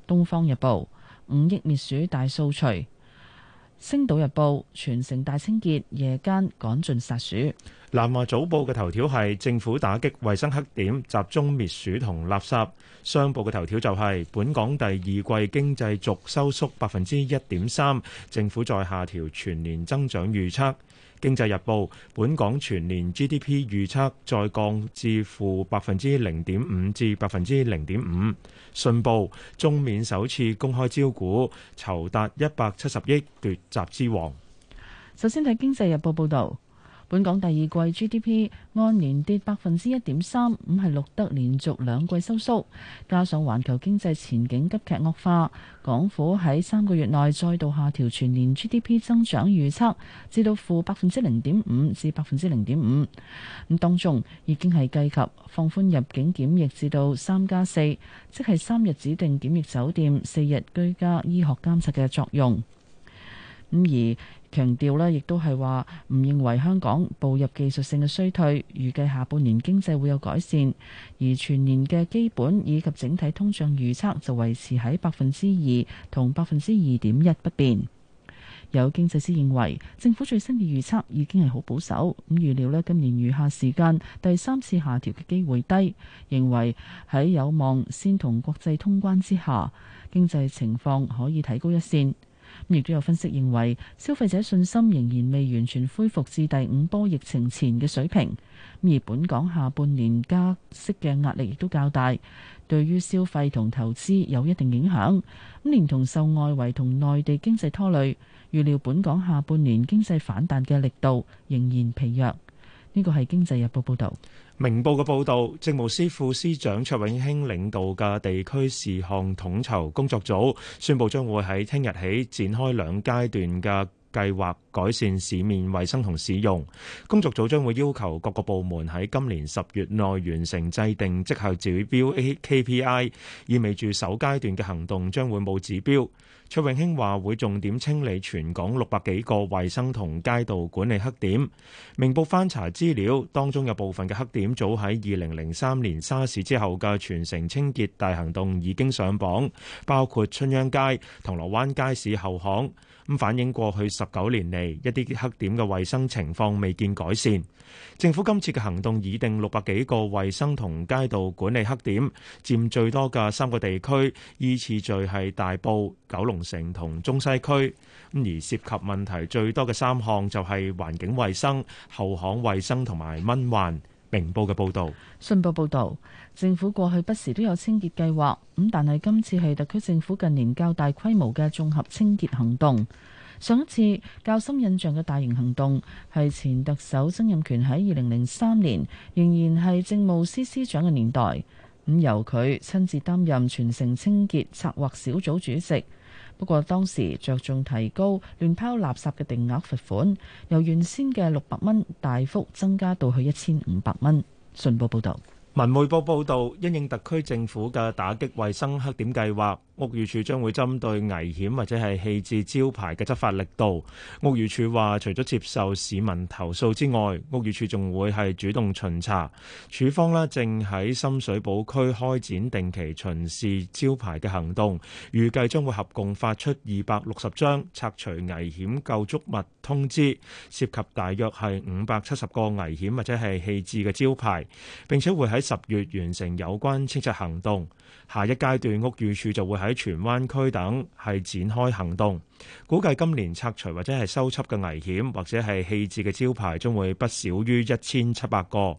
東方日報》五億滅鼠大掃除。星島日報全城大清潔，夜間趕盡殺鼠。南華早報嘅頭條係政府打擊衛生黑點，集中滅鼠同垃圾。商報嘅頭條就係、是、本港第二季經濟續收縮百分之一點三，政府再下調全年增長預測。《經濟日報》本港全年 GDP 預測再降至負百分之零點五至百分之零點五。信報中免首次公開招股籌達一百七十億奪集資王。首先睇《經濟日報》報道。本港第二季 GDP 按年跌百分之一點三，五係錄得連續兩季收縮，加上環球經濟前景急劇惡化，港府喺三個月內再度下調全年 GDP 增長預測，至到負百分之零點五至百分之零點五。咁當中已經係計及放寬入境檢疫至到三加四，4，即係三日指定檢疫酒店、四日居家醫學監測嘅作用。咁而強調呢亦都係話唔認為香港步入技術性嘅衰退，預計下半年經濟會有改善，而全年嘅基本以及整體通脹預測就維持喺百分之二同百分之二點一不變。有經濟師認為，政府最新嘅預測已經係好保守，咁預料呢今年餘下時間第三次下調嘅機會低，認為喺有望先同國際通關之下，經濟情況可以提高一線。亦都有分析認為，消費者信心仍然未完全恢復至第五波疫情前嘅水平。而本港下半年加息嘅壓力亦都較大，對於消費同投資有一定影響。咁連同受外圍同內地經濟拖累，預料本港下半年經濟反彈嘅力度仍然疲弱。呢個係經濟日報報導。明報嘅報導，政務司副司長卓永興領導嘅地區事項統籌工作組宣布，將會喺聽日起展開兩階段嘅計劃，改善市面衞生同使用。工作組將會要求各個部門喺今年十月內完成制定績效指標 （KPI），意味住首階段嘅行動將會冇指標。卓永興話會重點清理全港六百幾個衛生同街道管理黑點，明報翻查資料，當中有部分嘅黑點早喺二零零三年沙士之後嘅全城清潔大行動已經上榜，包括春秧街、銅鑼灣街市後巷。咁反映過去十九年嚟一啲黑點嘅衞生情況未見改善，政府今次嘅行動已定六百幾個衞生同街道管理黑點，佔最多嘅三個地區，依次序係大埔、九龍城同中西區。咁而涉及問題最多嘅三項就係環境衞生、後巷衞生同埋蚊患。明報嘅報導，信報報導，政府過去不時都有清潔計劃，咁但係今次係特區政府近年較大規模嘅綜合清潔行動。上一次較深印象嘅大型行動係前特首曾蔭權喺二零零三年，仍然係政務司司長嘅年代，咁由佢親自擔任全城清潔策劃小組主席。不過當時着重提高亂拋垃圾嘅定額罰款，由原先嘅六百蚊大幅增加到去一千五百蚊。信報報道。文匯報報道，因應特區政府嘅打擊衞生黑點計劃。屋宇署將會針對危險或者係棄置招牌嘅執法力度。屋宇署話，除咗接受市民投訴之外，屋宇署仲會係主動巡查。署方呢正喺深水埗區開展定期巡視招牌嘅行動，預計將會合共發出二百六十張拆除危險構築物通知，涉及大約係五百七十個危險或者係棄置嘅招牌，並且會喺十月完成有關清拆行動。下一階段屋宇署就會喺荃灣區等係展開行動，估計今年拆除或者係收葺嘅危險或者係棄置嘅招牌，將會不少於一千七百個。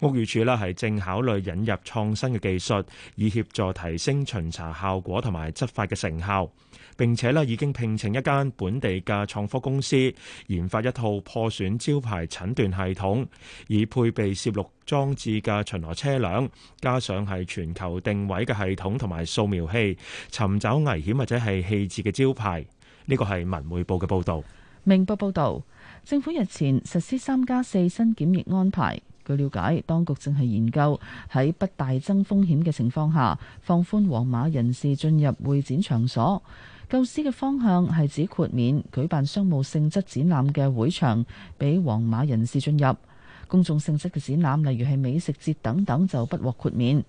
屋宇署呢係正考慮引入創新嘅技術，以協助提升巡查效果同埋執法嘅成效。並且咧已經聘請一間本地嘅創科公司，研發一套破損招牌診斷系統，以配備攝錄裝置嘅巡邏車輛，加上係全球定位嘅系統同埋掃描器，尋找危險或者係棄置嘅招牌。呢個係文匯報嘅報導。明報報導，政府日前實施三加四新檢疫安排。據了解，當局正係研究喺不大增風險嘅情況下，放寬黃碼人士進入會展場所。構思嘅方向係指豁免舉辦商務性質展覽嘅會場俾皇馬人士進入，公眾性質嘅展覽，例如係美食節等等，就不獲豁免。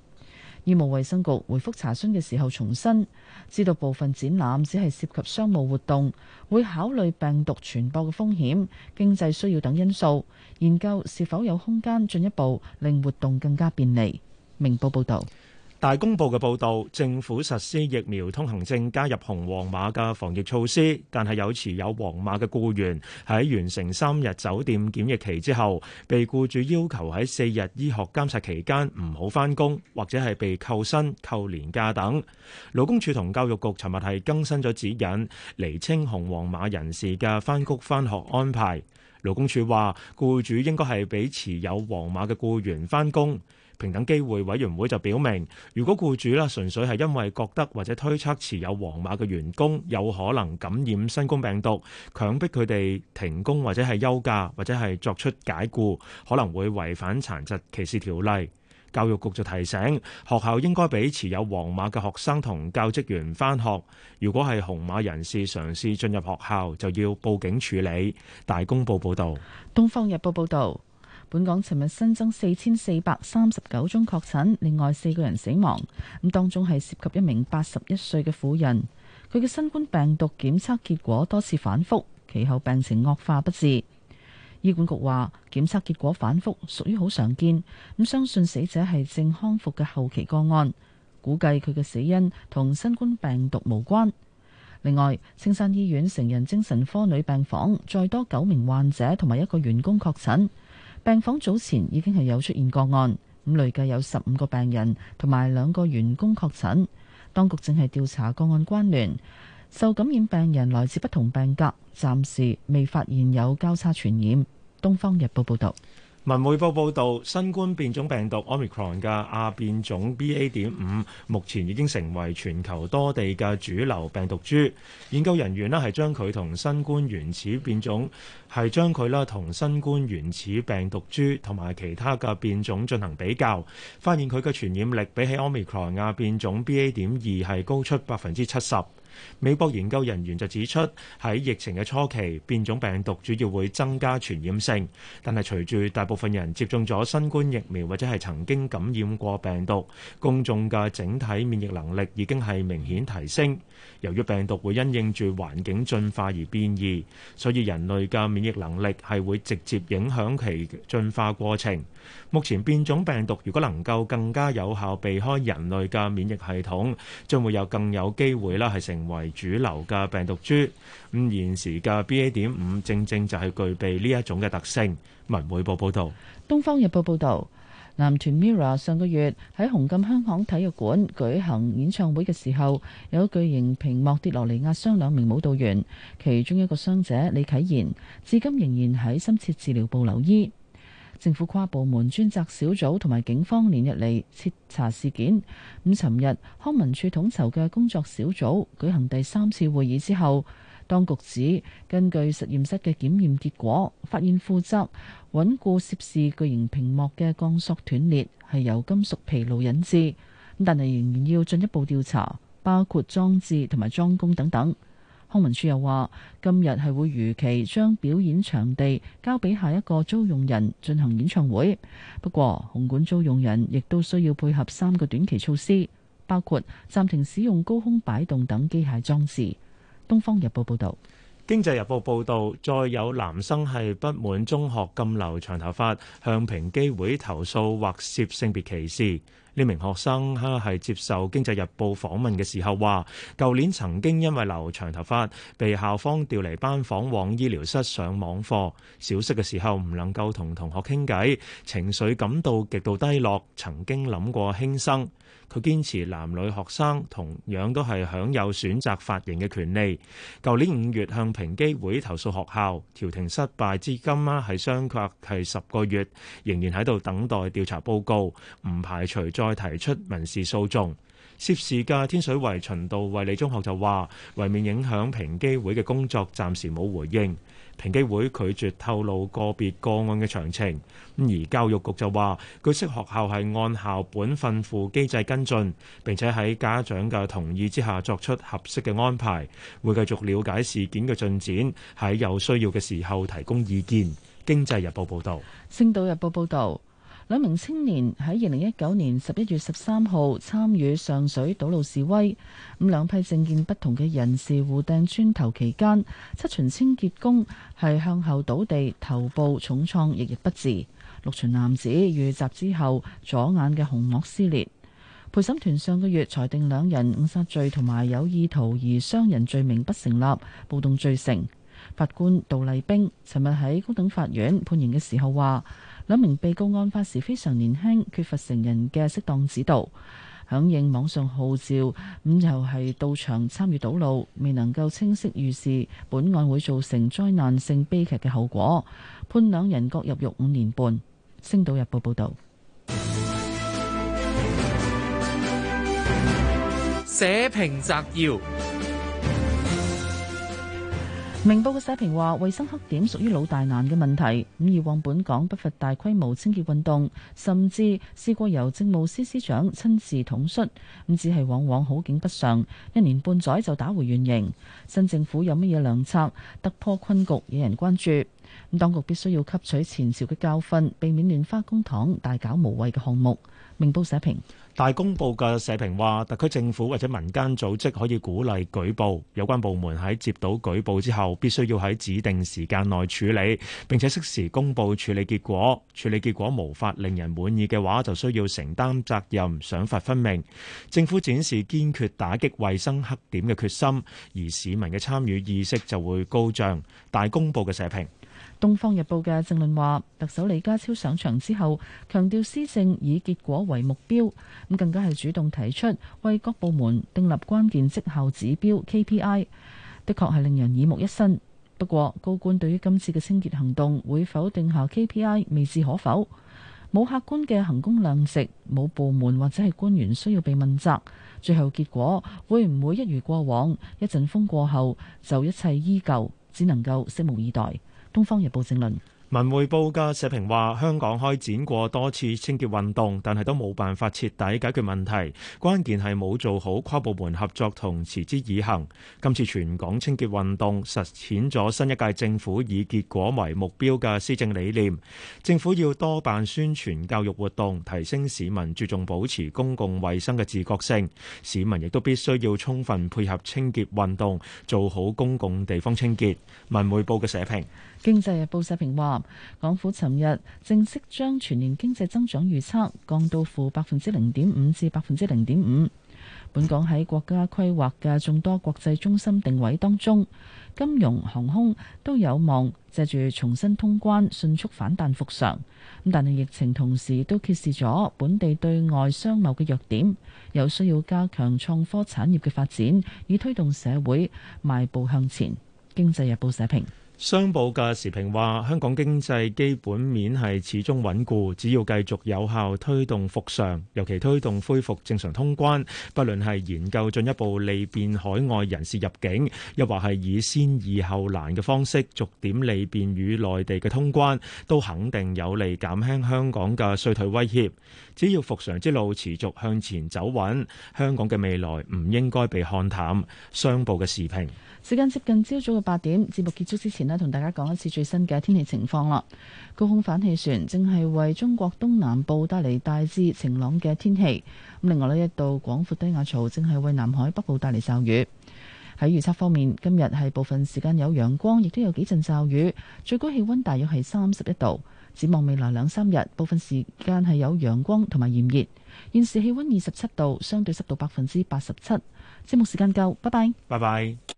醫務衛生局回覆查詢嘅時候重申，知道部分展覽只係涉及商務活動，會考慮病毒傳播嘅風險、經濟需要等因素，研究是否有空間進一步令活動更加便利。明報報道。大公報嘅報導，政府實施疫苗通行證，加入紅黃碼嘅防疫措施。但係有持有黃碼嘅僱員喺完成三日酒店檢疫期之後，被僱主要求喺四日醫學監察期間唔好翻工，或者係被扣薪、扣年假等。勞工處同教育局尋日係更新咗指引，釐清紅黃碼人士嘅翻工翻學安排。勞工處話，僱主應該係俾持有黃碼嘅僱員翻工。平等機會委員會就表明，如果僱主啦，純粹係因為覺得或者推測持有黃碼嘅員工有可能感染新冠病毒，強迫佢哋停工或者係休假或者係作出解雇，可能會違反殘疾歧視條例。教育局就提醒學校應該俾持有黃碼嘅學生同教職員返學。如果係紅碼人士嘗試進入學校，就要報警處理。大公報報道。東方日報報道。本港尋日新增四千四百三十九宗確診，另外四個人死亡。咁當中係涉及一名八十一歲嘅婦人，佢嘅新冠病毒檢測結果多次反覆，其後病情惡化不治。醫管局話檢測結果反覆屬於好常見，咁相信死者係正康復嘅後期個案，估計佢嘅死因同新冠病毒無關。另外，青山醫院成人精神科女病房再多九名患者同埋一個員工確診。病房早前已經係有出現個案，咁累計有十五個病人同埋兩個員工確診，當局正係調查個案關聯。受感染病人來自不同病格，暫時未發現有交叉傳染。《東方日報》報道。文匯報報道，新冠變種病毒 Omicron 嘅亞變種 BA. 點五目前已經成為全球多地嘅主流病毒株。研究人員咧係將佢同新冠原始變種係將佢咧同新冠原始病毒株同埋其他嘅變種進行比較，發現佢嘅傳染力比起 Omicron 亞變種 BA. 點二係高出百分之七十。美國研究人員就指出，喺疫情嘅初期，變種病毒主要會增加傳染性，但係隨住大部分人接種咗新冠疫苗或者係曾經感染過病毒，公眾嘅整體免疫能力已經係明顯提升。由於病毒會因應住環境進化而變異，所以人類嘅免疫能力係會直接影響其進化過程。目前變種病毒如果能夠更加有效避開人類嘅免疫系統，將會有更有機會啦，係成為主流嘅病毒株。咁現時嘅 BA.5 正正就係具備呢一種嘅特性。《文匯報》報道：《東方日報》報道。男團 Mirror 上個月喺紅磡香港體育館舉行演唱會嘅時候，有巨型屏幕跌落嚟壓傷兩名舞蹈員，其中一個傷者李啟賢至今仍然喺深切治療部留醫。政府跨部門專責小組同埋警方連日嚟徹查事件。咁，尋日康文署統籌嘅工作小組舉行第三次會議之後。當局指根據實驗室嘅檢驗結果，發現負責穩固涉事巨型屏幕嘅鋼索斷裂係由金屬疲勞引致，但係仍然要進一步調查，包括裝置同埋裝工等等。康文署又話，今日係會如期將表演場地交俾下一個租用人進行演唱會，不過紅館租用人亦都需要配合三個短期措施，包括暫停使用高空擺動等機械裝置。《東方日報》報道，《經濟日報》報道，再有男生係不滿中學禁留長頭髮，向平機會投訴，或涉性別歧視。呢名學生哈係接受《經濟日報》訪問嘅時候話，舊年曾經因為留長頭髮，被校方調離班房往醫療室上網課，小息嘅時候唔能夠同同學傾偈，情緒感到極度低落，曾經諗過輕生。佢堅持男女學生同樣都係享有選擇髮型嘅權利。舊年五月向平機會投訴學校調停失敗，啊，至今啊係相隔係十個月，仍然喺度等待調查報告，唔排除再提出民事訴訟。涉事嘅天水圍循道衛理中學就話，為免影響平機會嘅工作，暫時冇回應。平機會拒絕透露個別個案嘅詳情，而教育局就話：據悉學校係按校本訓輔機制跟進，並且喺家長嘅同意之下作出合適嘅安排，會繼續了解事件嘅進展，喺有需要嘅時候提供意見。經濟日報報道。星島日報報導。兩名青年喺二零一九年十一月十三號參與上水堵路示威，咁兩批政見不同嘅人士互掟磚頭期間，七旬清潔工係向後倒地，頭部重創，翌日不治；六旬男子遇襲之後，左眼嘅虹膜撕裂。陪審團上個月裁定兩人誤殺罪同埋有意圖而傷人罪名不成立，暴動罪成。法官杜麗冰尋日喺高等法院判刑嘅時候話。兩名被告案發時非常年輕，缺乏成人嘅適當指導，響應網上號召，咁又係到場參與堵路，未能夠清晰預示本案會造成災難性悲劇嘅後果，判兩人各入獄五年半。《星島日報，報道》報導。社評摘要。明報嘅社評話，衛生黑點屬於老大難嘅問題。咁以往本港不乏大規模清潔運動，甚至試過由政務司司長親自統率，咁只係往往好景不常，一年半載就打回原形。新政府有乜嘢良策突破困局，惹人關注。咁當局必須要吸取前朝嘅教訓，避免亂花公帑、大搞無謂嘅項目。明報社評。大公報嘅社評話，特區政府或者民間組織可以鼓勵舉報，有關部門喺接到舉報之後，必須要喺指定時間內處理，並且適時公佈處理結果。處理結果無法令人滿意嘅話，就需要承擔責任，賞罰分明。政府展示堅決打擊衞生黑點嘅決心，而市民嘅參與意識就會高漲。大公報嘅社評。《東方日報》嘅政論話，特首李家超上場之後，強調施政以結果為目標，咁更加係主動提出為各部門訂立關鍵績效指標 KPI，的確係令人耳目一新。不過，高官對於今次嘅清潔行動會否定下 KPI，未置可否，冇客觀嘅衡工量值，冇部門或者係官員需要被問責，最後結果會唔會一如過往，一陣風過後就一切依舊，只能夠拭目以待。《東方日報》評論，《文匯報》嘅社評話：香港開展過多次清潔運動，但係都冇辦法徹底解決問題。關鍵係冇做好跨部門合作同持之以恆。今次全港清潔運動實踐咗新一屆政府以結果為目標嘅施政理念。政府要多辦宣傳教育活動，提升市民注重保持公共衛生嘅自覺性。市民亦都必須要充分配合清潔運動，做好公共地方清潔。《文匯報》嘅社評。經濟日報社評話，港府尋日正式將全年經濟增長預測降到負百分之零點五至百分之零點五。本港喺國家規劃嘅眾多國際中心定位當中，金融、航空都有望借住重新通關迅速反彈復常。咁但係疫情同時都揭示咗本地對外商貿嘅弱點，有需要加強創科產業嘅發展，以推動社會邁步向前。經濟日報社評。商報嘅時評話：香港經濟基本面係始終穩固，只要繼續有效推動復常，尤其推動恢復正常通關，不論係研究進一步利便海外人士入境，又或係以先易後難嘅方式逐點利便與內地嘅通關，都肯定有利減輕香港嘅衰退威脅。只要復常之路持續向前走穩，香港嘅未來唔應該被看淡。商報嘅時評。時間接近朝早嘅八點，節目結束之前呢，同大家講一次最新嘅天氣情況啦。高空反氣旋正係為中國東南部帶嚟大致晴朗嘅天氣。咁另外呢，一道廣闊低壓槽正係為南海北部帶嚟驟雨。喺預測方面，今日係部分時間有陽光，亦都有幾陣驟雨，最高氣温大約係三十一度。展望未來兩三日，部分時間係有陽光同埋炎熱。現時氣温二十七度，相對濕度百分之八十七。節目時間夠，拜拜。拜拜。